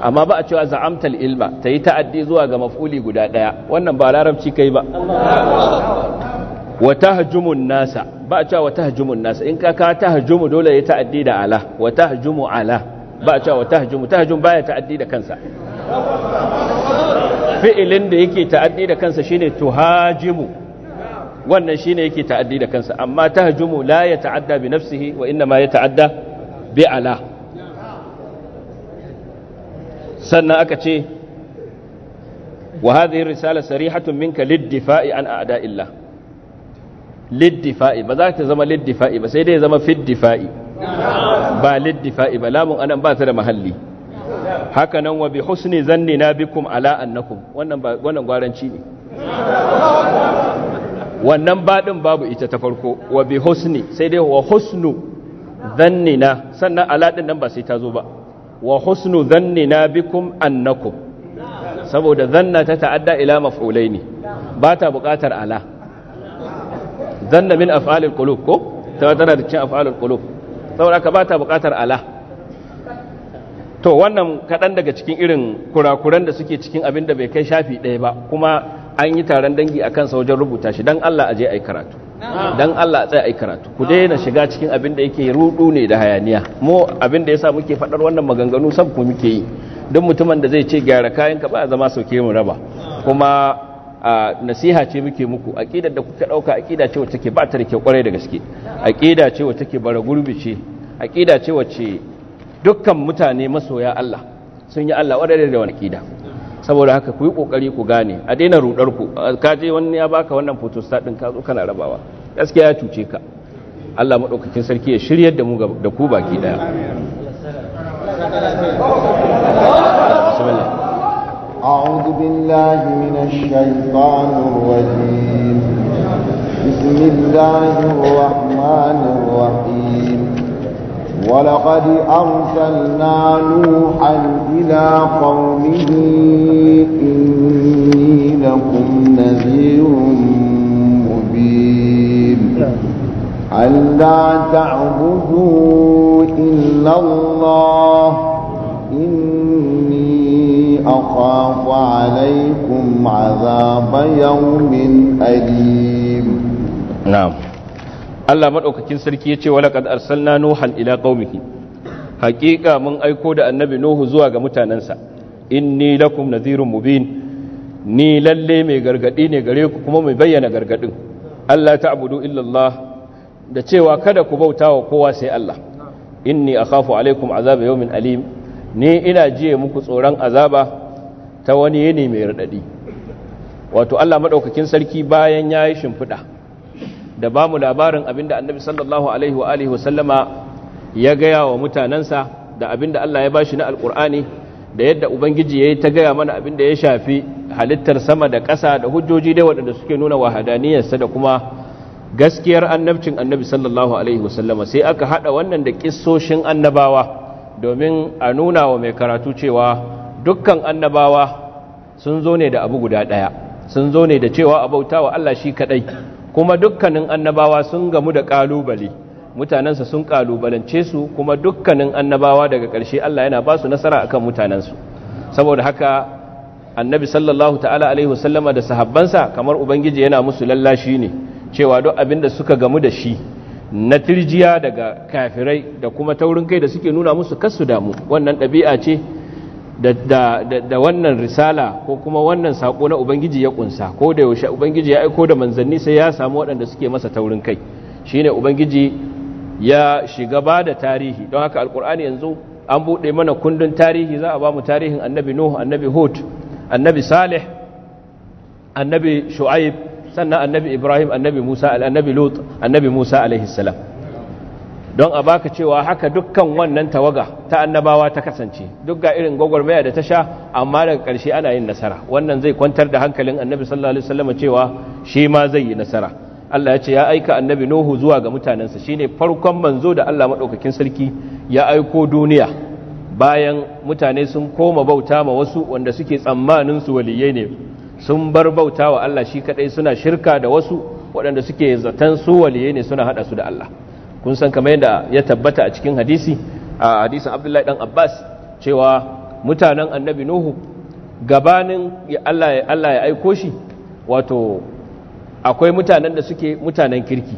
amma ba a cewa za'amtal ilma ta yi ta'addi zuwa ga maf'uli guda daya wannan ba larabci kai ba wa tahjumun nasa ba a cewa wa tahjumun nasa in ka ka tahjumu dole ya ta'addi da ala wa tahjumu ala ba a cewa tahjumu tahjum baya ta'addi da kansa fi'ilin da yake ta'addi da kansa shine tuhajimu wannan shine yake ta'addi da kansa amma tahjumu la ya ta'adda bi nafsihi wa inna ma ya ta'adda bi ala sannan aka ce wa hadhihi risala sarihatun minka lid-difa'i an a'da'illah lid-difa'i ba za ta zama lid-difa'i ba sai dai zama fid-difa'i ba liddifa'i ba lamun anan ba ta da mahalli haka nan wa bi husni zannina bikum ala annakum wannan wannan gwaranci ne wannan baɗin babu ita ta farko wa bi husni sai dai wa husnu zannina sannan ala din nan ba sai ta zo ba wa husnu zannina bikum annakum saboda zanna ta ta'adda ila maf'ulai ne ba ta buƙatar ala zanna min af'alil qulub ko ta tana da cin af'alil qulub saboda ka ba ta buƙatar ala to wannan kaɗan daga cikin irin kurakuran da suke cikin abin da bai kai shafi ɗaya ba kuma an yi taron dangi a kansa wajen rubuta shi don Allah a je a yi karatu don Allah a tsaye a yi karatu ku daina shiga cikin abin da yake rudu ne da hayaniya mu abin da ya sa muke faɗar wannan maganganu sab ku muke yi duk mutumin da zai ce gyara kayan ka ba zama sauke mu raba kuma nasiha ce muke muku aqidar da kuka dauka aqida ce wacce take ba ta da kyau kwarai da gaske aqida ce wacce take bara gurbi ce aqida ce wacce dukkan mutane masoya Allah sun yi Allah wadare da wani aqida saboda haka ku yi kokari ku gane a daina rudar ku ka je wani ya baka wannan photo stat din ka zo kana rabawa gaskiya ya cuce ka Allah madaukakin sarki ya shiryar da mu da ku baki daya أعوذ بالله من الشيطان الرجيم بسم الله الرحمن الرحيم ولقد أرسلنا نوحا إلى قومه إني لكم نذير مبين ألا تعبدوا إلا الله إني أخاف عليكم عذاب يوم أليم نعم Allah madaukakin sarki yace walaqad arsalna nuhan ila qaumihi haqiqa mun aiko da annabi nuhu zuwa ga mutanansa inni lakum Nazirun mubin ni lalle mai gargadi ne gare ku kuma mai bayyana gargadin Allah ta abudu illallah da cewa kada ku bauta wa kowa sai Allah inni akhafu alaikum azab yawmin alim ni ina jiye muku tsoron azaba ta wani yini mai raɗaɗi wato Allah maɗaukakin sarki bayan ya yi shimfiɗa, da ba mu labarin abinda annabi sallallahu alaihi wa alihi wasallama ya gaya wa mutanensa da abinda Allah ya ba shi na alqur'ani da yadda ubangiji yayi ta gaya mana abin da ya shafi halittar sama da ƙasa da hujjoji dai waɗanda suke nuna wahadaniyarsa da kuma gaskiyar annabcin annabi sallallahu alaihi wasallama sai aka haɗa wannan da ƙisoshin annabawa domin a nuna wa mai karatu cewa dukkan annabawa sun zo ne da abu guda ɗaya sun zo ne da cewa abauta wa Allah shi kaɗai kuma dukkanin annabawa sun gamu da ƙalubale mutanensa sun ƙalubalance su kuma dukkanin annabawa daga ƙarshe Allah yana ba su nasara kan mutanensu saboda haka annabi sallallahu ta'ala alaihi wasallama da sahabbansa kamar ubangiji yana musu lallashi ne cewa duk abin da suka gamu da shi na tirjiya daga kafirai da kuma taurin kai da suke nuna musu kasu damu wannan ɗabi'a ce da wannan risala ko kuma wannan saƙo na ubangiji ya ƙunsa ko da yaushe ubangiji ya aiko da manzanni sai ya samu waɗanda suke masa taurin kai Shi ne ubangiji ya shiga ba da tarihi don haka alkur'ani yanzu an buɗe mana kundin tarihi za a ba mu tarihin annabi nuhu annabi hud annabi salih annabi shu'aib sannan annabi ibrahim annabi musa annabi lut annabi musa alaihi salam don a baka cewa haka dukkan wannan tawaga ta annabawa ta kasance duk ga irin gwagwarmaya da ta sha amma daga ƙarshe ana yin nasara wannan zai kwantar da hankalin annabi sallallahu alaihi wasallam cewa shi ma zai yi nasara Allah ya ce ya aika annabi Nuhu zuwa ga mutanensa shine farkon manzo da Allah madaukakin sarki ya aiko duniya bayan mutane sun koma bauta ma wasu wanda suke tsammanin su waliyai ne sun bar bauta wa Allah shi kadai suna shirka da wasu waɗanda suke zaton su waliye ne suna haɗa su da Allah kun san kamar yadda ya tabbata a cikin hadisi a hadisin Abdullahi dan Abbas cewa mutanen Annabi Nuhu gabanin Allah ya aiko shi wato akwai mutanen da suke mutanen kirki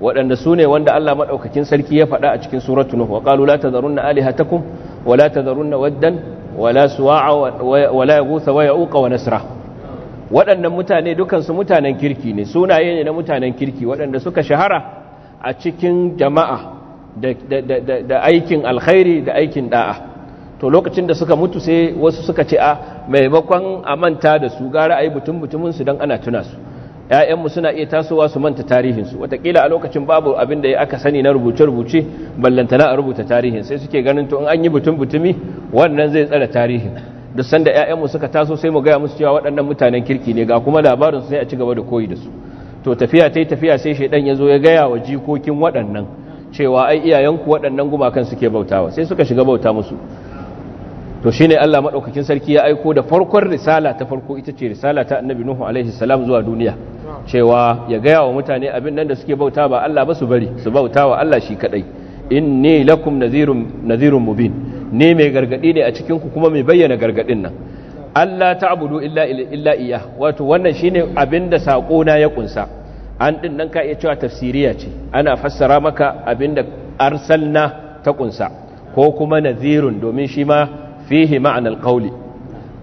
waɗanda su ne wanda Allah maɗaukakin sarki ya faɗa a cikin suratu Nuhu wa qalu la tadharunna alihatakum wa la tadharunna waddan wa la suwa'a wa la yaghutha wa ya'uqa wa nasra waɗannan mutane dukansu mutanen kirki ne sunaye ne na mutanen kirki waɗanda suka shahara a cikin jama'a da aikin alkhairi da aikin da'a to lokacin da suka mutu sai wasu suka ce a maimakon a manta da su gara a yi mutum-mutuminsu don ana tuna su ‘ya'yanmu suna iya tasowa su manta tarihinsu watakila a lokacin babu abin da ya aka sani na rubuce-rubuce ballantana a rubuta tarihin sai suke ganin to in an yi mutum-mutumi wannan zai tsara tarihin duk sanda ƴaƴanmu suka taso sai mu gaya musu cewa waɗannan mutanen kirki ne ga kuma labarin sai a ci gaba da koyi da su to tafiya tai tafiya sai shaidan ya zo ya gaya wa jikokin waɗannan cewa ai iyayenku waɗannan gumakan suke bautawa sai suka shiga bauta musu to shine Allah madaukakin sarki ya aiko da farkon risala ta farko ita ce risala ta Annabi Nuhu alaihi salam zuwa duniya cewa ya gaya wa mutane abin nan da suke bauta ba Allah ba su bari su bautawa Allah shi kadai inni lakum nadhirun nadhirun mubin ne mai gargadi ne a cikin kuma mai bayyana gargadin nan Allah ta'budu illa illa iya wato wannan shine abinda sako na ya kunsa an ɗin nan ka iya cewa tafsiriya ce ana fassara maka abinda arsalna ta kunsa ko kuma nazirun domin shi ma fihi ma'anar qawli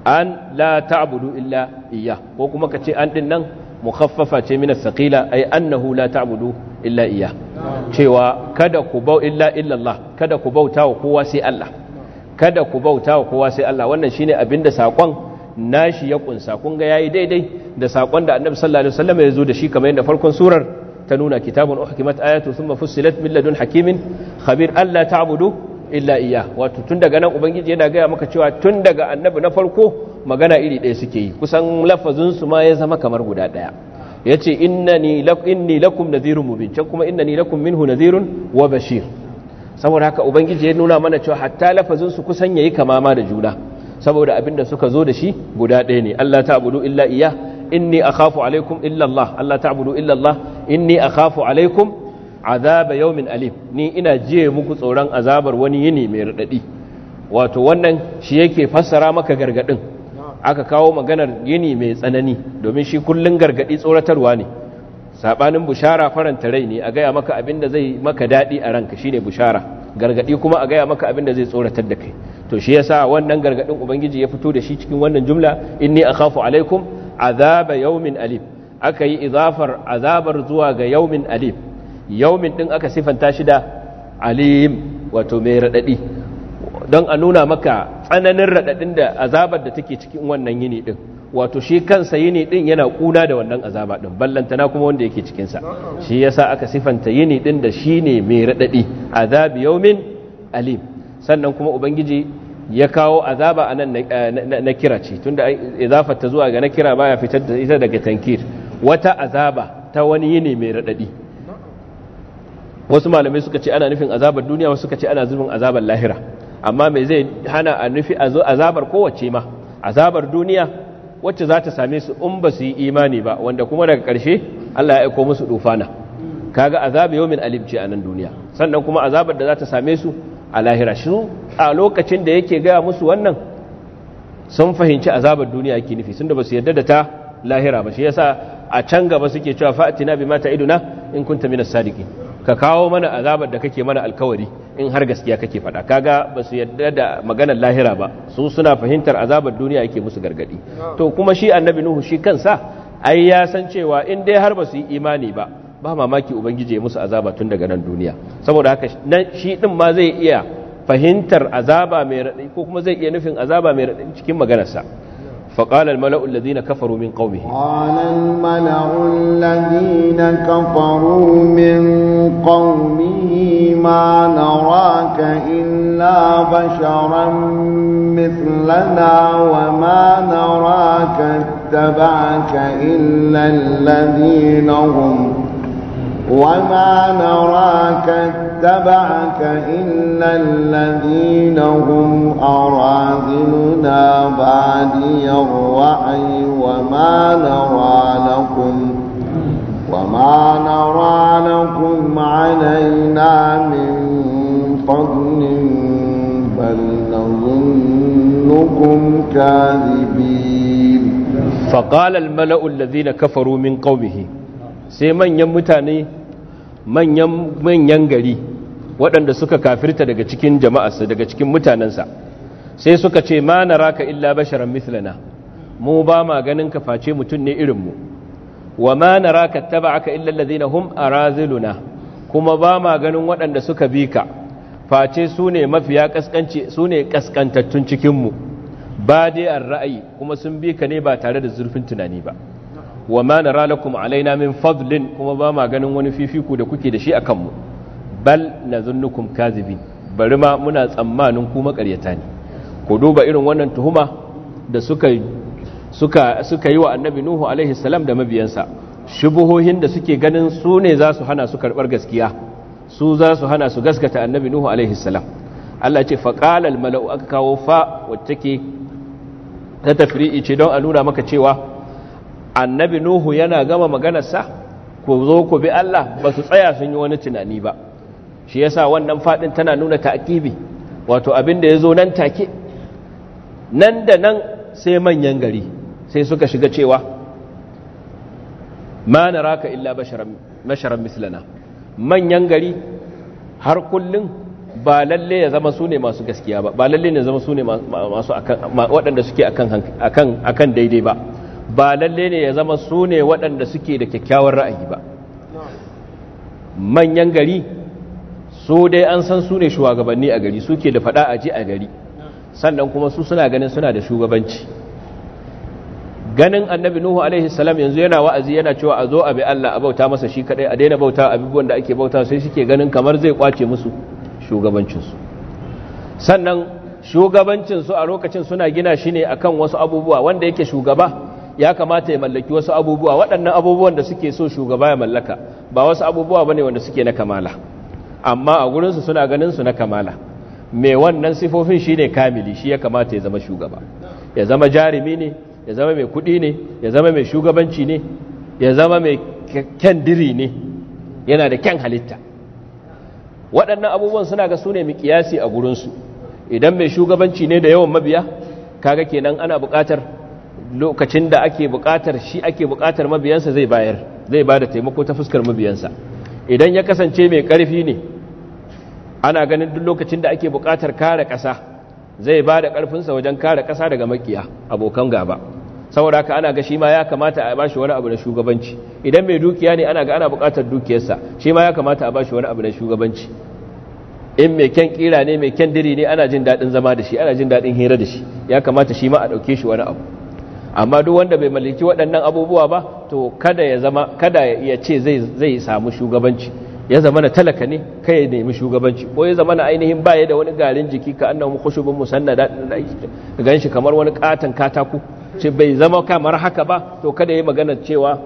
an la ta'budu illa iya ko kuma ce an ɗin nan mukhaffafa ce min as ai ay annahu la ta'budu illa iya cewa kada ku bau illa illallah kada ku bauta wa kowa sai Allah kada ku bauta wa kowa sai Allah wannan shine abinda sakon nashi ya kunsa kun ga yayi daidai da sakon da Annabi sallallahu alaihi wasallam ya zo da shi kamar yadda farkon surar ta nuna kitabun uhkimat ayatu thumma fussilat min ladun hakimin khabir alla ta'budu illa iya wato tun daga nan ubangiji yana gaya maka cewa tun daga annabi na farko magana iri ɗaya suke yi kusan lafazin su ma ya zama kamar guda ɗaya yace innani lakum inni lakum nadhirun mubin kuma innani lakum minhu nadhirun wa bashir saboda haka ubangiji ya nuna mana cewa hatta lafazin su kusan yayi kamama da juna saboda abinda suka zo da shi guda ɗaya ne Allah ta'budu illa iya inni akhafu alaikum illa Allah Allah ta'budu illa Allah inni akhafu alaikum azaba yawmin alim ni ina jiye muku tsoron azabar wani yini mai radadi wato wannan shi yake fassara maka gargadin aka kawo maganar yini mai tsanani domin shi kullun gargadi tsoratarwa ne sabanin bushara faranta rai ne a gaya maka abin da zai maka daɗi a ranka shine bushara gargadi kuma a gaya maka abin da zai tsoratar da kai to shi yasa wannan gargadin ubangiji ya fito da shi cikin wannan jumla inni akhafu alaikum azaba yawmin alif aka yi izafar azabar zuwa ga yawmin alif yawmin din aka sifanta shi da alim wato mai radadi don a nuna maka tsananin radadin da azabar da take cikin wannan yini din wato shi kansa yini din yana kuna da wannan azaba din ballantana kuma wanda yake cikin sa shi yasa aka sifanta yini din da shi ne mai raɗaɗi azabi yaumin, alim sannan kuma ubangiji ya kawo azaba nan eh, na kira ce tunda izafar ta zuwa ga na kira baya fitar da ita daga tankir wata azaba ta wani yini mai raɗaɗi. wasu malamai suka ce ana nufin azabar duniya wasu suka ce ana zubin azabar lahira amma me zai hana a nufi azabar kowace ma azabar duniya wacce za ta same su in ba su yi imani ba wanda kuma daga ƙarshe Allah ya aiko musu dufana kaga azabi yawmin alim ce a nan duniya sannan kuma azabar da za ta same su a lahira shi a lokacin da yake gaya musu wannan sun fahimci azabar duniya yake nufi sun da ba su yarda da ta lahira ba shi yasa a can gaba suke cewa fa'atina bima ta'iduna in kunta minas sadiqin ka kawo mana azabar da kake mana alkawari in har gaskiya kake faɗa kaga ba su yadda da maganar lahira ba su suna fahimtar azabar duniya yake musu gargadi to kuma shi annabi nuhu shi kansa ai ya san cewa in dai har ba su yi imani ba ba mamaki ubangiji ya musu azaba tun daga nan duniya saboda haka shi din ma zai iya fahimtar azaba mai ko kuma zai iya nufin azaba mai raɗaɗi cikin maganarsa فقال الملأ الذين كفروا من قومه قال الملأ الذين كفروا من قومه ما نراك إلا بشرا مثلنا وما نراك اتبعك إلا الذين هم وما نراك اتبعك إلا الذين هم أراذلنا بادي الرعي وما نرى لكم وما نرى لكم علينا من فضل بل نظنكم كاذبين فقال الملأ الذين كفروا من قومه سيمن يمتاني manyan gari waɗanda suka kafirta daga cikin jama'arsa daga cikin mutanensa sai suka ce ma raka illa basharan mislana mu ba ma ganin ka face mutum ne irin mu wa ma taba aka illa allazina hum na, kuma ba ma ganin waɗanda suka bi ka face su ne mafiya ƙasƙanci su ne ƙasƙantattun cikin ba dai an ra'ayi kuma sun bi ka ne ba tare da zurfin tunani ba wa ma na lakum alaina min fadlin kuma ba ma ganin wani fifiku da kuke da shi a kanmu. bal na zunukun kazibi, bari ma muna tsammanin ku makaryata ne ku duba irin wannan tuhuma da suka yi wa annabi nuhu alaihi salam da mabiyansa shubuhohin da suke ganin su ne za su hana su karbar gaskiya su za su hana su gaskata annabi nuhu alaihi salam Allah ce faqala al mala'u aka kawo fa wacce ke ta tafri'i ce don a nuna maka cewa annabi nuhu yana gama maganarsa ku zo ku bi Allah ba su tsaya sun yi wani tunani ba shi yasa wannan fadin tana nuna ta'kibi wato abin da yazo nan take nan da nan sai manyan gari sai suka shiga cewa ma naraka illa basharan masharan mislana manyan gari har kullun ba lalle ya zama sune masu gaskiya ba ba lalle ne zama sune masu akan waɗanda suke akan akan akan daidai ba ba lalle ne ya zama sune waɗanda suke da kyakkyawar ra'ayi ba manyan gari su dai an san su ne shugabanni a gari suke da fada ji a gari sannan kuma su suna ganin suna da shugabanci ganin annabi nuhu alaihi salam yanzu yana wa'azi yana cewa a zo a bi Allah a bauta masa shi kadai a daina bauta abubuwan da ake bauta sai suke ganin kamar zai kwace musu shugabancinsu sannan shugabancinsu a lokacin suna gina shi ne akan wasu abubuwa wanda yake shugaba ya kamata ya mallaki wasu abubuwa waɗannan abubuwan da suke so shugaba ya mallaka ba wasu abubuwa ba ne wanda suke na kamala amma a gurinsu suna ganin su na kamala mai wannan sifofin shi ne kamili shi ya kamata ya zama shugaba ya zama jarumi ne ya zama mai kudi ne ya zama mai shugabanci ne ya zama mai kyan diri ne yana da kyan halitta waɗannan abubuwan suna ga su ne mikiyasi a gurinsu idan mai shugabanci ne da yawan mabiya kaga kenan ana buƙatar lokacin da ake buƙatar shi ake buƙatar mabiyansa zai bayar zai bada taimako ta fuskar mabiyansa idan ya kasance mai ƙarfi ne ana ganin duk lokacin da ake bukatar kare ƙasa zai ba da ƙarfinsa wajen kare ƙasa daga makiya abokan gaba saboda haka ana ga shi ma ya kamata a bashi wani abu na shugabanci idan mai dukiya ne ana ga ana buƙatar dukiyarsa shi ma ya kamata a bashi wani abu na shugabanci in mai kyan kira ne mai kyan diri ne ana jin daɗin zama da shi ana jin daɗin hira da shi ya kamata shi ma a ɗauke shi wani abu amma duk wanda bai mallaki waɗannan abubuwa ba to kada ya zama kada ya ce zai samu shugabanci ya zama na talaka ne kai ya nemi shugabanci ko ya zama na ainihin baya da wani garin jiki ka annahu khushubun musannada da ganshi kamar wani katan katako ce bai zama kamar haka ba to kada yi magana cewa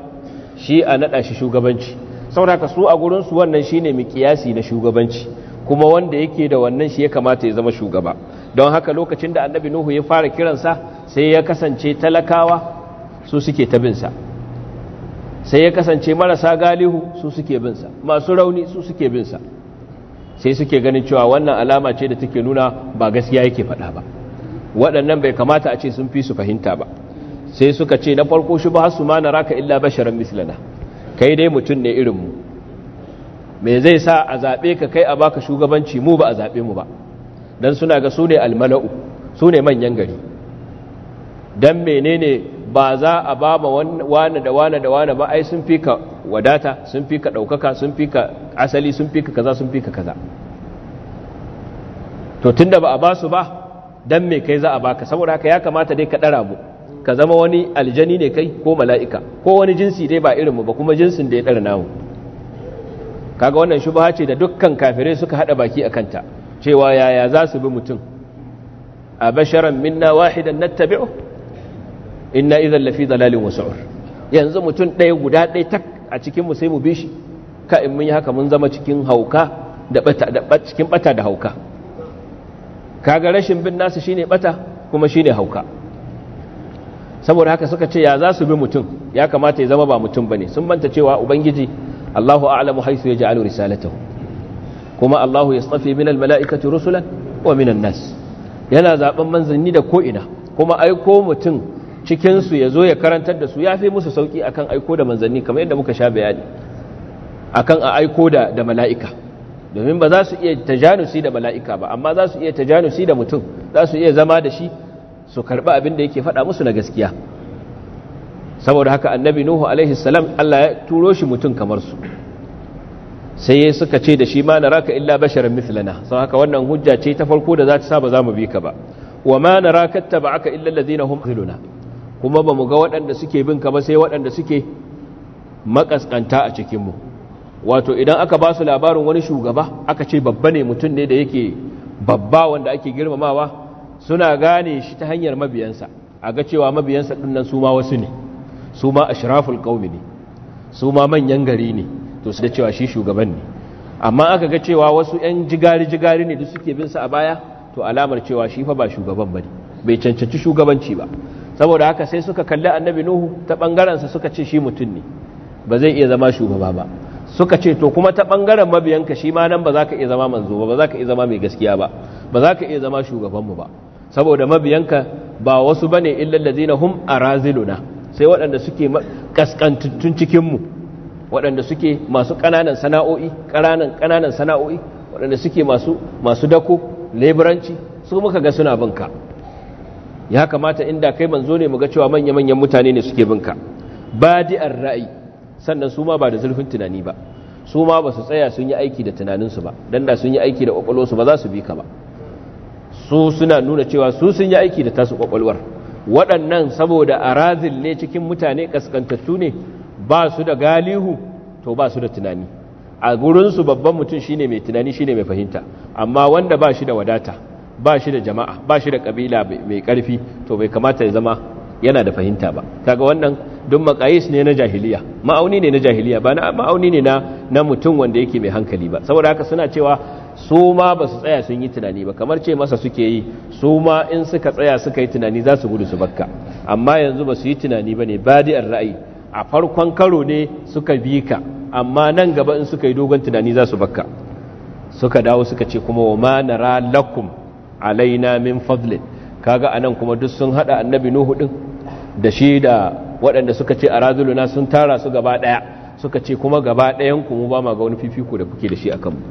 shi a nada shi shugabanci saboda su a gurin su wannan shine kiyasi na shugabanci kuma wanda yake da wannan shi ya kamata ya zama shugaba don haka lokacin da annabi nuhu ya fara kiransa sai ya kasance talakawa su suke tabinsa sai ya kasance marasa galihu su suke binsa masu rauni su suke binsa sai suke ganin cewa wannan alama ce da take nuna ba gaskiya yake faɗa ba waɗannan bai kamata a ce sun fi su fahimta ba sai suka ce na farko shi ba su ma raka illa basharan mislana kai dai mutum ne irin mu me zai sa a zaɓe ka kai a baka shugabanci mu ba a zaɓe mu ba don suna ga sune ne almala'u su manyan gari don menene ba za a ba ma wane da wane da wane ba ai sun fi ka wadata sun fi ka ɗaukaka sun fi ka asali sun fi ka kaza sun fi ka kaza to tunda ba a ba su ba dan me kai za a baka saboda haka ya kamata dai ka ɗara mu ka zama wani aljani ne kai ko mala'ika ko wani jinsi dai ba irin mu ba kuma jinsin da ya ɗara namu kaga wannan shubha ce da dukkan kafirai suka haɗa baki a kanta cewa yaya za su bi mutum a basharan minna wahidan nattabi'u inna idan lafi dalalin wasu'ur yanzu mutum ɗaya guda ɗaya tak a cikin mu sai mu bi shi ka in mun yi haka mun zama cikin hauka da bata da cikin bata da hauka kaga rashin bin nasu shine bata kuma shine hauka saboda haka suka ce ya za su bi mutum ya kamata ya zama ba mutum bane sun banta cewa ubangiji Allahu a'lamu haythu yaj'alu risalatahu kuma Allahu yastafi minal mala'ikati rusulan wa minan nas yana zaben manzanni da ko ina kuma aiko mutum cikinsu ya zo ya karantar da su ya fi musu sauƙi akan aiko da manzanni kamar yadda muka sha bayani akan a aiko da da mala'ika domin ba za su iya tajanusi da mala'ika ba amma za su iya tajanusi da mutum za su iya zama da shi su karɓi abin da yake faɗa musu na gaskiya saboda haka annabi nuhu alaihi salam Allah ya turo shi mutum kamar su sai suka ce da shi ma naraka illa basharan mithlana sau haka wannan hujja ce ta farko da za ta sa ba za mu bi ka ba wa ma naraka taba'aka illa allazina hum ziluna kuma ba mu ga waɗanda suke bin ka ba sai waɗanda suke makaskanta a cikinmu wato idan aka ba su labarin wani shugaba aka ce babba ne mutum ne da yake babba wanda ake girmamawa suna gane shi ta hanyar mabiyansa a ga cewa mabiyansa nan su ma wasu ne su ma shiraful ƙaumi ne su ma manyan gari ne to su da cewa shi shugaban ne amma aka ga cewa wasu 'yan jigari-jigari ne duk suke bin sa a baya to alamar cewa shi fa ba shugaban ba ne. bai cancanci shugabanci ba saboda haka sai suka kalli annabi nuhu ta ɓangarensa suka ce shi mutum ne ba zai iya zama shugaba ba suka ce to kuma ta ɓangaren mabiyanka shi ma nan ba za ka iya zama manzo ba ba za ka iya zama mai gaskiya ba ba za ka iya zama shugabanmu ba saboda mabiyanka ba wasu ba ne illallazina hum a raziluna sai waɗanda suke kaskantattun cikinmu waɗanda suke masu ƙananan sana'o'i ƙananan sana'o'i waɗanda suke masu dako leburanci su muka ga suna binka ya kamata inda kai manzo ne ga cewa manya-manyan mutane ne suke binka badi'ar ra'ayi sannan su ma ba da zurfin tunani ba su ma ba su tsaya sun yi aiki da tunaninsu ba dan da sun yi aiki da kwakwalwarsu ba za su bi ka ba su suna nuna cewa su sun yi aiki da tasu kwakwalwar waɗannan saboda arazil ne cikin mutane kaskantattu ne ba su da galihu to ba su da tunani a gurinsu babban mutum shine mai tunani shine mai fahimta amma wanda ba shi da wadata ba shi da jama'a ba shi da kabila mai karfi to bai kamata ya zama yana da fahimta ba kaga wannan duk makayis ne na jahiliya ma'auni ne na jahiliya ba na ma'auni ne na na mutum wanda yake mai hankali ba saboda haka suna cewa su ma ba su tsaya sun yi tunani ba kamar ce masa suke yi su ma in suka tsaya suka yi tunani za su gudu su bakka amma yanzu ba su yi tunani ba ne badi'ar ra'ayi a farkon karo ne suka bi ka amma nan gaba in suka yi dogon tunani za su bakka suka dawo suka ce kuma wa ma nara lakum alaina min fadlin kaga anan kuma duk sun hada annabi nuhu din da shi da waɗanda suka ce arazuluna sun tara su gaba daya suka ce kuma gaba dayan ku mu ba ma ga wani fifiko da kuke da shi akan mu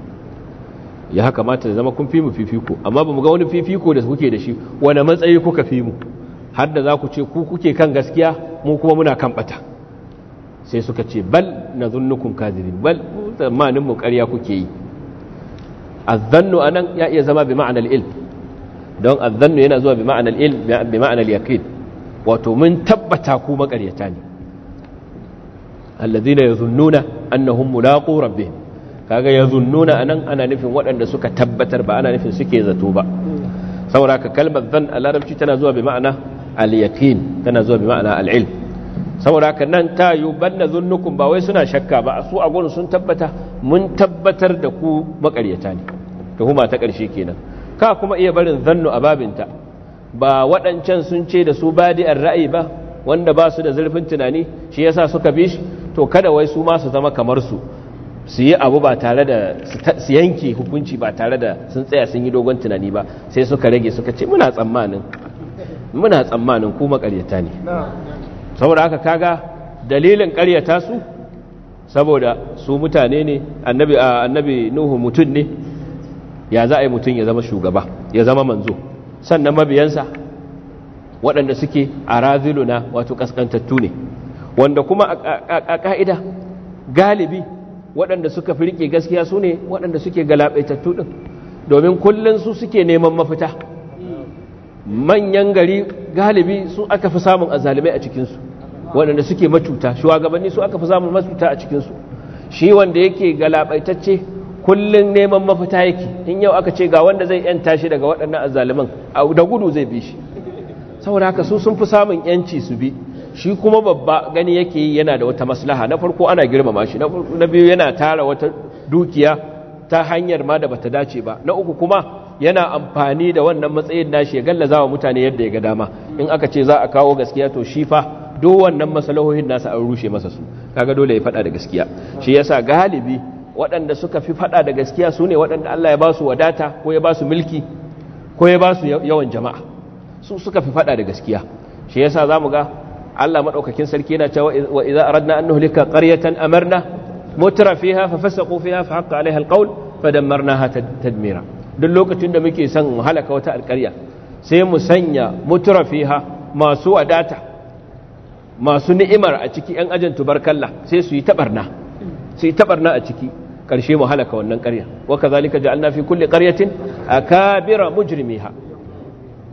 ya haka mata zama kun fi mu fifiko amma ba ga wani fifiko da kuke da shi wani matsayi kuka fi mu har da za ku ce ku kuke kan gaskiya mu kuma muna kan bata sai suka ce bal na zunnukun kazirin bal tsammanin mu ƙarya kuke yi azzannu anan ya iya zama bi ma'anar ilm don azannu yana zuwa bi ma'anar ilm bi wato mun tabbata ku makaryata ne allazina yazunnuna annahum mulaqu rabbihim kaga yazunnuna anan ana nufin waɗanda suka tabbatar ba ana nufin suke zato ba saboda ka kalmar zan a larabci tana zuwa bi ma'ana al-yaqin tana zuwa bi ma'ana al-ilm saboda ka nan ta yi banna zunnukum ba wai suna shakka ba su a gurin sun tabbata mun tabbatar da ku makaryata ne tuhuma ta ƙarshe kenan ka kuma iya barin zannu a babinta ba waɗancan sun ce da su badi'ar ra'ayi ba wanda ba su da zurfin tunani shi yasa suka bi shi to kada wai su ma su zama kamar su su yi abu ba tare da su yanke hukunci ba tare da sun tsaya sun yi dogon tunani ba sai suka rage suka ce muna tsammanin muna tsammanin kuma ne saboda haka kaga dalilin karyata su saboda su mutane ne annabi nuhu mutum ne ya za a yi mutum ya zama shugaba ya zama manzo sannan mabiyansa waɗanda suke a raziluna wato ƙasƙantattu ne wanda kuma a ƙa'ida galibi waɗanda suka fi riƙe gaskiya su ne waɗanda suke galaɓaitattu ɗin domin kullum su suke neman mafita manyan gari galibi su aka fi samun azalimai a cikinsu waɗanda suke matuta shugabanni su aka fi samun matuta a cikinsu shi wanda yake galaɓaitacce kullun neman mafita yake in yau aka ce ga wanda zai yanta shi daga waɗannan azzaliman da gudu zai bi shi saboda haka su sun fi samun yanci su bi shi kuma babba gani yake yi yana da wata maslaha na farko ana girmama shi na biyu yana tara wata dukiya ta hanyar ma da bata dace ba na uku kuma yana amfani da wannan matsayin nashi ya gallaza wa mutane yadda ya ga dama in aka ce za a kawo gaskiya to shi fa duk wannan masalahohin nasu an rushe masa su kaga dole ya faɗa da gaskiya shi yasa galibi waɗanda suka fi faɗa da gaskiya su ne waɗanda Allah ya ba su wadata ko ya ba su milki ko ya ba su yawan jama'a su suka fi faɗa da gaskiya shi yasa za mu ga Allah maɗaukakin sarki yana cewa wa idza aradna an nuhlika qaryatan amarna mutra fiha fa fasaqu fiha fa haqqa alaiha alqawl fa dammarnaha tadmira duk lokacin da muke son mu halaka wata alƙarya sai mu sanya mutra fiha masu wadata masu ni'imar a ciki yan ajin tubarkalla sai su yi tabarna tabarna a ciki karshe mu halaka wannan ƙarya wa kazalika ja'alna fi kulli a akabira mujrimiha ha.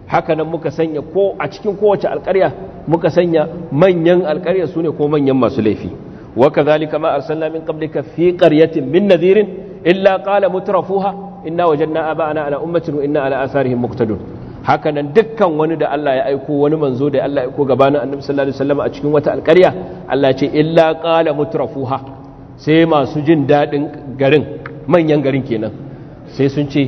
Hakanan muka sanya ko a cikin kowace alƙarya muka sanya manyan alƙarya sune ko manyan masu laifi wa kazalika ma arsalna min qablika fi qaryatin min nazirin illa qala mutrafuha inna wajadna aba'ana ala ummatin inna ala asarihim muqtadun haka dukkan wani da Allah ya aiko wani manzo da Allah ya aiko gabanin annabi sallallahu alaihi wasallam a cikin wata alƙarya Allah ya ce illa qala mutrafuha sai masu jin daɗin garin manyan garin kenan sai sun ce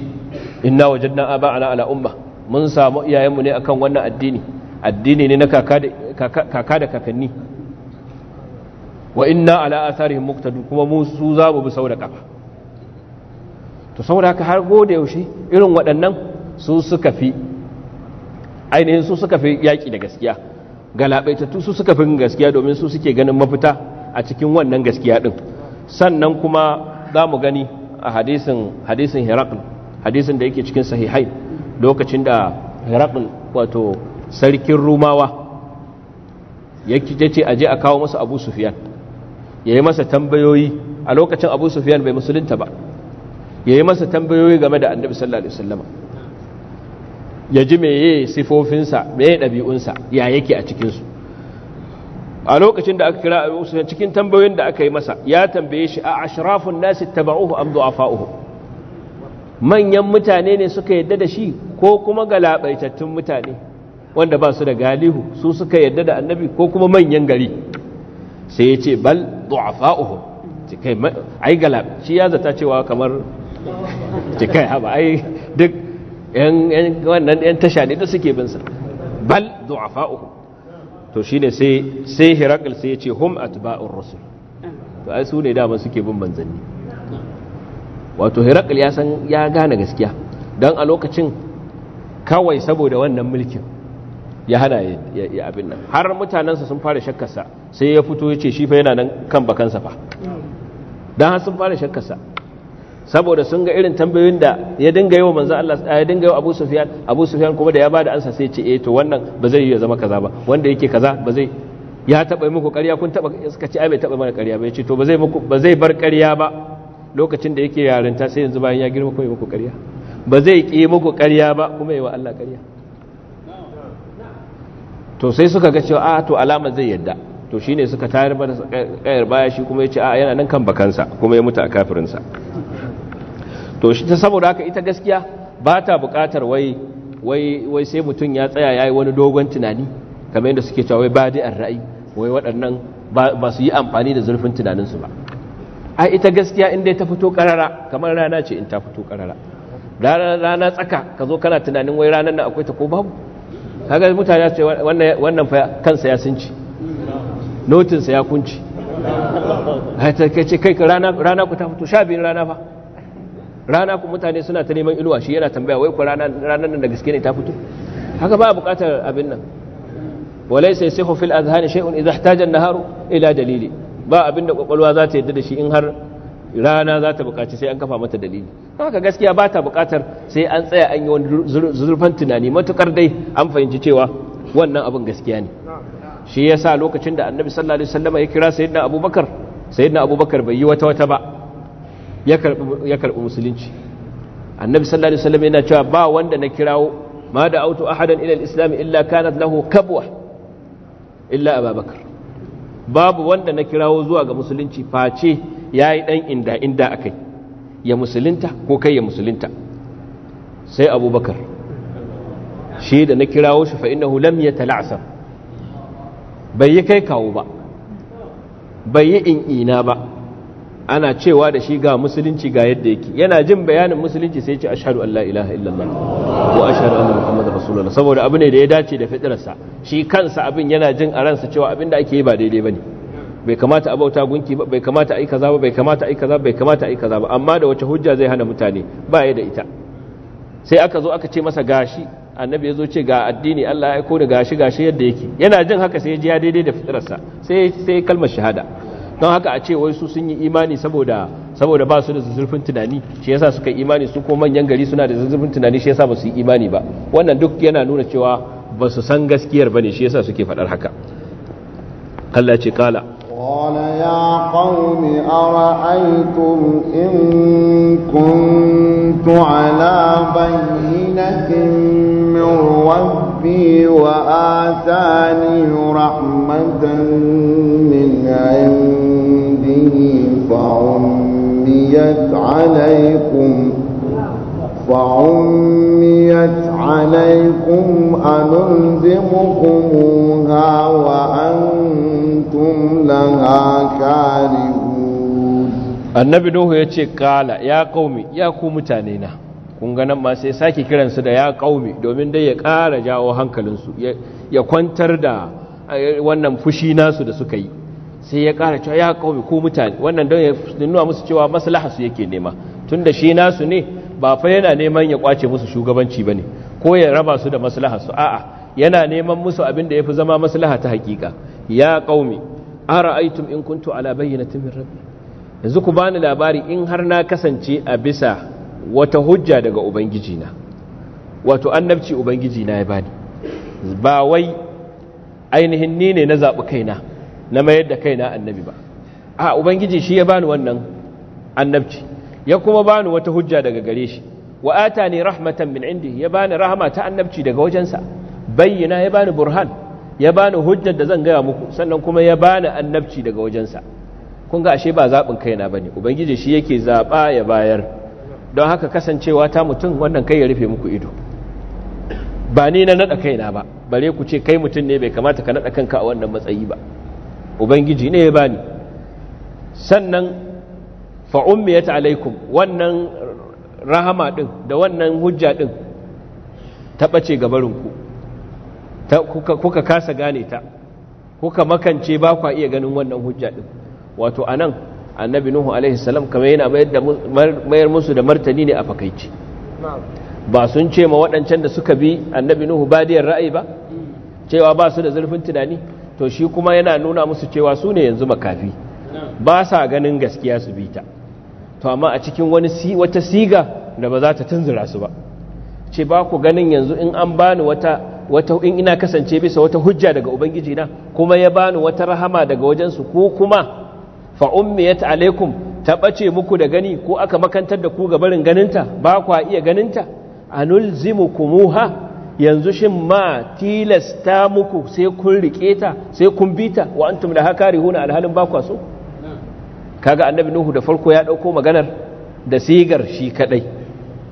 inna wajadna aba'ana ala umma mun samu iyayenmu ne akan wannan addini addini ne na kaka da kakanni wa inna ala atharihim muktadu kuma mu su za mu bi sau da kafa to saboda ka har gode yaushe irin waɗannan su suka fi ainihin su suka fi yaƙi da gaskiya galabaitattu su suka fi gaskiya domin su suke ganin mafita a cikin wannan gaskiya ɗin sannan kuma za mu gani a hadisin hadisin hirakul hadisin da yake cikin sahihai lokacin da Hiraqin wato sarkin rumawa ya ce aje a kawo masa abu sufiyan ya yi masa tambayoyi a lokacin abu sufiyan bai musulunta ba ya yi masa tambayoyi game da annabi sallallahu alaihi wasallama ya ji meye sifofinsa meye ɗabi'unsa ya yake a cikinsu a lokacin da aka kira abu usman cikin tambayoyin da aka yi masa ya tambaye shi a ashrafun nasi taba'uhu am du'afa'uhu manyan mutane ne suka yadda da shi ko kuma galabaitattun mutane wanda ba su da galihu su suka yadda da annabi ko kuma manyan gari sai ya ce bal du'afa'uhu cikai ai galab shi ya zata cewa kamar cikai haba ai duk yan wannan yan tasha ne da suke bin sa bal du'afa'uhu to shine sai sai sai ya ce hum atba'ur rasul to ai su ne dama suke bin manzanni wato hirakal ya san ya gane gaskiya don a lokacin kawai saboda wannan mulkin ya hana ya abin nan har mutanensa sun fara shakkarsa sai ya fito ya ce shi fa yana nan kan bakansa fa don har sun fara shakkarsa saboda sun ga irin tambayoyin da ya dinga yawa manzo Allah ya dinga yawa Abu Sufyan Abu Sufyan kuma da ya bada ansa sai ce eh to wannan ba zai iya zama kaza ba wanda yake kaza ba zai ya taba muku ƙarya kun taba suka ce ai bai taba mana ƙarya ba ce to ba zai muku ba zai bar ƙarya ba lokacin da yake yarinta sai yanzu bayan ya girma kuma yi muku ƙarya ba zai ƙi muku ƙarya ba kuma yi wa Allah ƙarya to sai suka ga cewa a to alama zai yadda to shine suka tayar ba da kayar baya shi kuma yace a yana nan kan bakansa kuma ya mutu a kafirinsa to shi ta saboda haka ita gaskiya ba ta buƙatar wai wai sai mutum ya tsaya ya yi wani dogon tunani kamar yadda suke cewa wai ba badi'ar ra'ayi wai waɗannan ba su yi amfani da zurfin tunaninsu ba ai ita gaskiya inda ta fito karara kamar rana ce in ta fito karara rana tsaka ka zo kana tunanin wai ranar nan akwai ta ko babu kaga mutane ce wannan kansa ya sunci notinsa ya kunci ai ta kai ce kai rana rana ku ta fito sha biyun rana fa rana ku mutane suna ta neman inuwa shi yana tambaya wai ku ranar nan da gaske ne ta fito haka ba a bukatar abin nan walai sai sai hufil azhani shay'un idan ihtaja an haru ila dalili ba abin da kwakwalwa za ta yadda da shi in har rana za ta bukaci sai an kafa mata dalili haka gaskiya ba ta buƙatar sai an tsaya an yi wani zurfan tunani matukar dai an fahimci cewa wannan abin gaskiya ne shi yasa lokacin da annabi sallallahu alaihi wasallam ya kira sayyidina abubakar sayyidina abubakar bai yi wata wata ba ya karɓi musulunci annabi sallallahu alaihi wasallam yana cewa ba wanda na kirawo ma da auto ahadan ila al-islam illa kanat lahu kabwa illa ababakar babu wanda na kirawo zuwa ga musulunci face yayi dan inda inda akai ya musulunta ko kai ya musulunta sai abubakar shi da na kirawo shi fa innahu lam yatala'sam bai yi kai kawo ba bai yi in ina ba ana cewa da shi ga musulunci ga yadda yake yana jin bayanin musulunci sai ce ashhadu an la ilaha illallah wa ashhadu anna muhammadar rasulullah saboda abu ne da ya dace da fitrarsa shi kansa abin yana jin a ransa cewa abin da ake yi ba daidai bane bai kamata a bauta gunki ba bai kamata a yi kaza ba bai kamata a yi kaza bai kamata a yi kaza ba amma da wace hujja zai hana mutane ba ya da ita sai aka zo aka ce masa gashi annabi ya zo ce ga addini Allah ya aiko ni gashi gashi yadda yake yana jin haka sai ya ji ya daidai da fitrarsa sai sai kalmar shahada don haka a ce wai su sun yi imani saboda saboda ba su da zuzurfin tunani shi yasa suka yi imani su ko manyan gari suna da zuzurfin tunani shi yasa ba su yi imani ba wannan duk yana nuna cewa ba su san gaskiyar bane shi yasa suke faɗar haka Allah ce kala قال يا قوم أرأيتم إن كنت على بينة من ربي وآتاني رحمة من عندي فعميت عليكم فعميت عليكم أنلزمكموها وأنتم لها كارهون النبي نوح يتشي قال يا قومي يا قوم تانينا kun ga nan ma sai saki kiran su da ya kaumi domin dai ya kara jawo hankalinsu ya kwantar da wannan fushi nasu da suka yi sai ya kara cewa ya ƙauye ko mutane wannan don ya nuna musu cewa maslaha su yake nema tun da shi nasu ne ba fa yana neman ya kwace musu shugabanci ba ne ko ya raba su da maslaha su a'a yana neman musu abin da ya fi zama maslaha ta haƙiƙa ya ƙaume ara in kuntu ala bayyanatin min rabbi yanzu ku bani labari in har na kasance a bisa wata hujja daga ubangiji na wato annabci ubangiji na ya bani ba wai ainihin ni ne na zaɓi kaina na mayar da kaina annabi ba a ubangiji shi ya bani wannan annabci ya kuma bani wata hujja daga gare shi wa atani rahmatan min indi ya bani rahama ta annabci daga wajensa bayyana ya bani burhan ya bani hujjar da zan gaya muku sannan kuma ya bani annabci daga wajensa kun ga ashe ba zaɓin kaina ba ne ubangiji shi yake zaɓa ya bayar don haka kasancewa ta mutum wannan kai ya rufe muku ido ba ni na naɗa kaina ba bare ku ce kai mutum ne bai kamata ka naɗa kanka a wannan matsayi ba ubangiji ne ya bani sannan fa'ummiyat alaikum wannan rahama din da wannan hujja din ta bace gabarinku kuka, kuka kasa gane ta kuka makance ba kwa iya ganin wannan hujja din wato anan annabi nuhu alaihi salam kamar yana mayar musu da martani ne a fakaici ba sun ce ma waɗancan da suka bi annabi nuhu badiyar ra'ayi ba cewa ba su da zurfin tunani to shi kuma yana nuna musu cewa su ne yanzu makafi ba sa ganin gaskiya su bi ta to amma a cikin wani wata siga da ba za ta tunzura su ba ce ba ku ganin yanzu in an bani wata wata in ina kasance bisa wata hujja daga ubangiji na kuma ya bani wata rahama daga wajen su ko kuma fa ummiyat alaikum ta bace muku da gani ko aka makantar da ku ga barin ganinta ba ku iya ganinta anulzimukumuha yanzu shi ma tilasta muku sai kun rike ta sai kun bita wa antum la hakarihuna alhalin ba ku so kaga annabi nuhu da farko ya dauko maganar da sigar shi kadai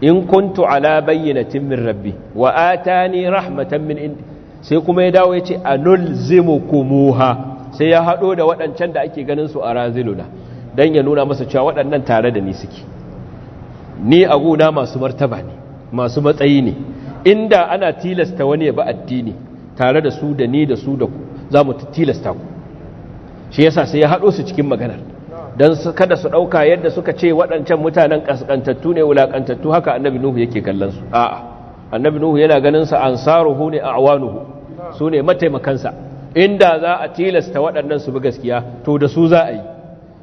in kuntu ala bayyinatin min rabbi wa atani rahmatan min indi sai kuma ya dawo yace anulzimukumuha sai ya hado da wadancan da ake ganin su a raziluna dan ya nuna masa cewa waɗannan tare da ni suke ni a gona masu martaba ne masu matsayi ne inda ana tilasta wani ba addini tare da su da ni da su da ku za mu tilasta ku shi yasa sai ya haɗo su cikin maganar don kada su ɗauka yadda suka ce waɗancan mutanen ƙasƙantattu ne wulaƙantattu haka annabi nuhu yake kallon su a'a annabi nuhu yana ganin sa ansaruhu ne awanuhu su ne mataimakansa inda za a tilasta waɗannan su bi gaskiya to da su za a yi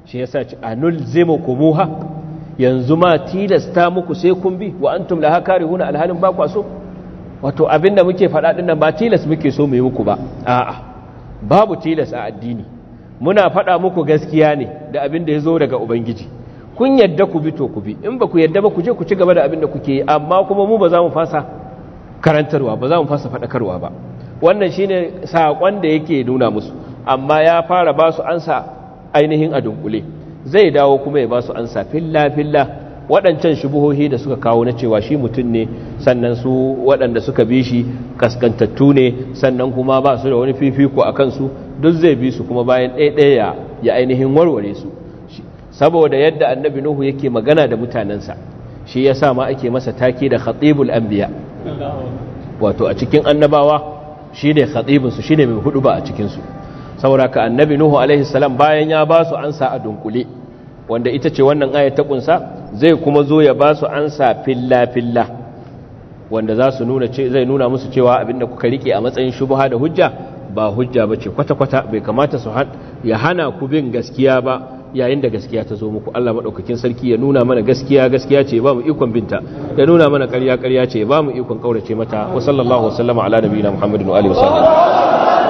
shi yasa ci kumuha yanzu ma tilasta muku sai kun bi wa antum laha huna alhalin ba aso? wato abin da muke faɗa ɗin nan ba tilas muke so mu yi muku ba a'a babu tilas a addini muna faɗa muku gaskiya ne da abin da ya zo daga ubangiji kun yadda ku bi to ku bi in ba ku yadda ba ku je ku ci gaba da abin da kuke amma kuma mu ba za mu fasa karantarwa ba za mu fasa faɗakarwa ba wannan shine sakon da yake nuna musu amma ya fara ba su ansa ainihin a dunkule zai dawo kuma ya ba su ansa filla filla waɗancan shubuhohi da suka kawo na cewa shi mutum ne sannan su waɗanda suka bi shi kaskantattu ne sannan kuma ba su da wani fifiko a kansu duk zai bi su kuma bayan ɗaya ya ainihin warware su saboda yadda annabi nuhu yake magana da mutanensa shi ya sa ma ake masa take da khatibul anbiya wato a cikin annabawa shi ne khatibinsu shi ne mai hudu ba a cikinsu saboda ka annabi nuhu alaihi salam bayan ya ba su ansa a dunkule wanda ita ce wannan aya ta kunsa zai kuma zo ya ba su ansa filla filla wanda za su nuna ce zai nuna musu cewa abinda kuka rike a matsayin shubha da hujja ba hujja ce kwata kwata bai kamata su ya hana ku bin gaskiya ba yayin da gaskiya ta zo muku Allah maɗaukakin sarki ya nuna mana gaskiya gaskiya ce ba mu ikon binta ya nuna mana ƙarya ƙarya ce ba mu ikon ƙaurace mata wa sallallahu wasallama ala nabiyina muhammadin wa alihi wasallam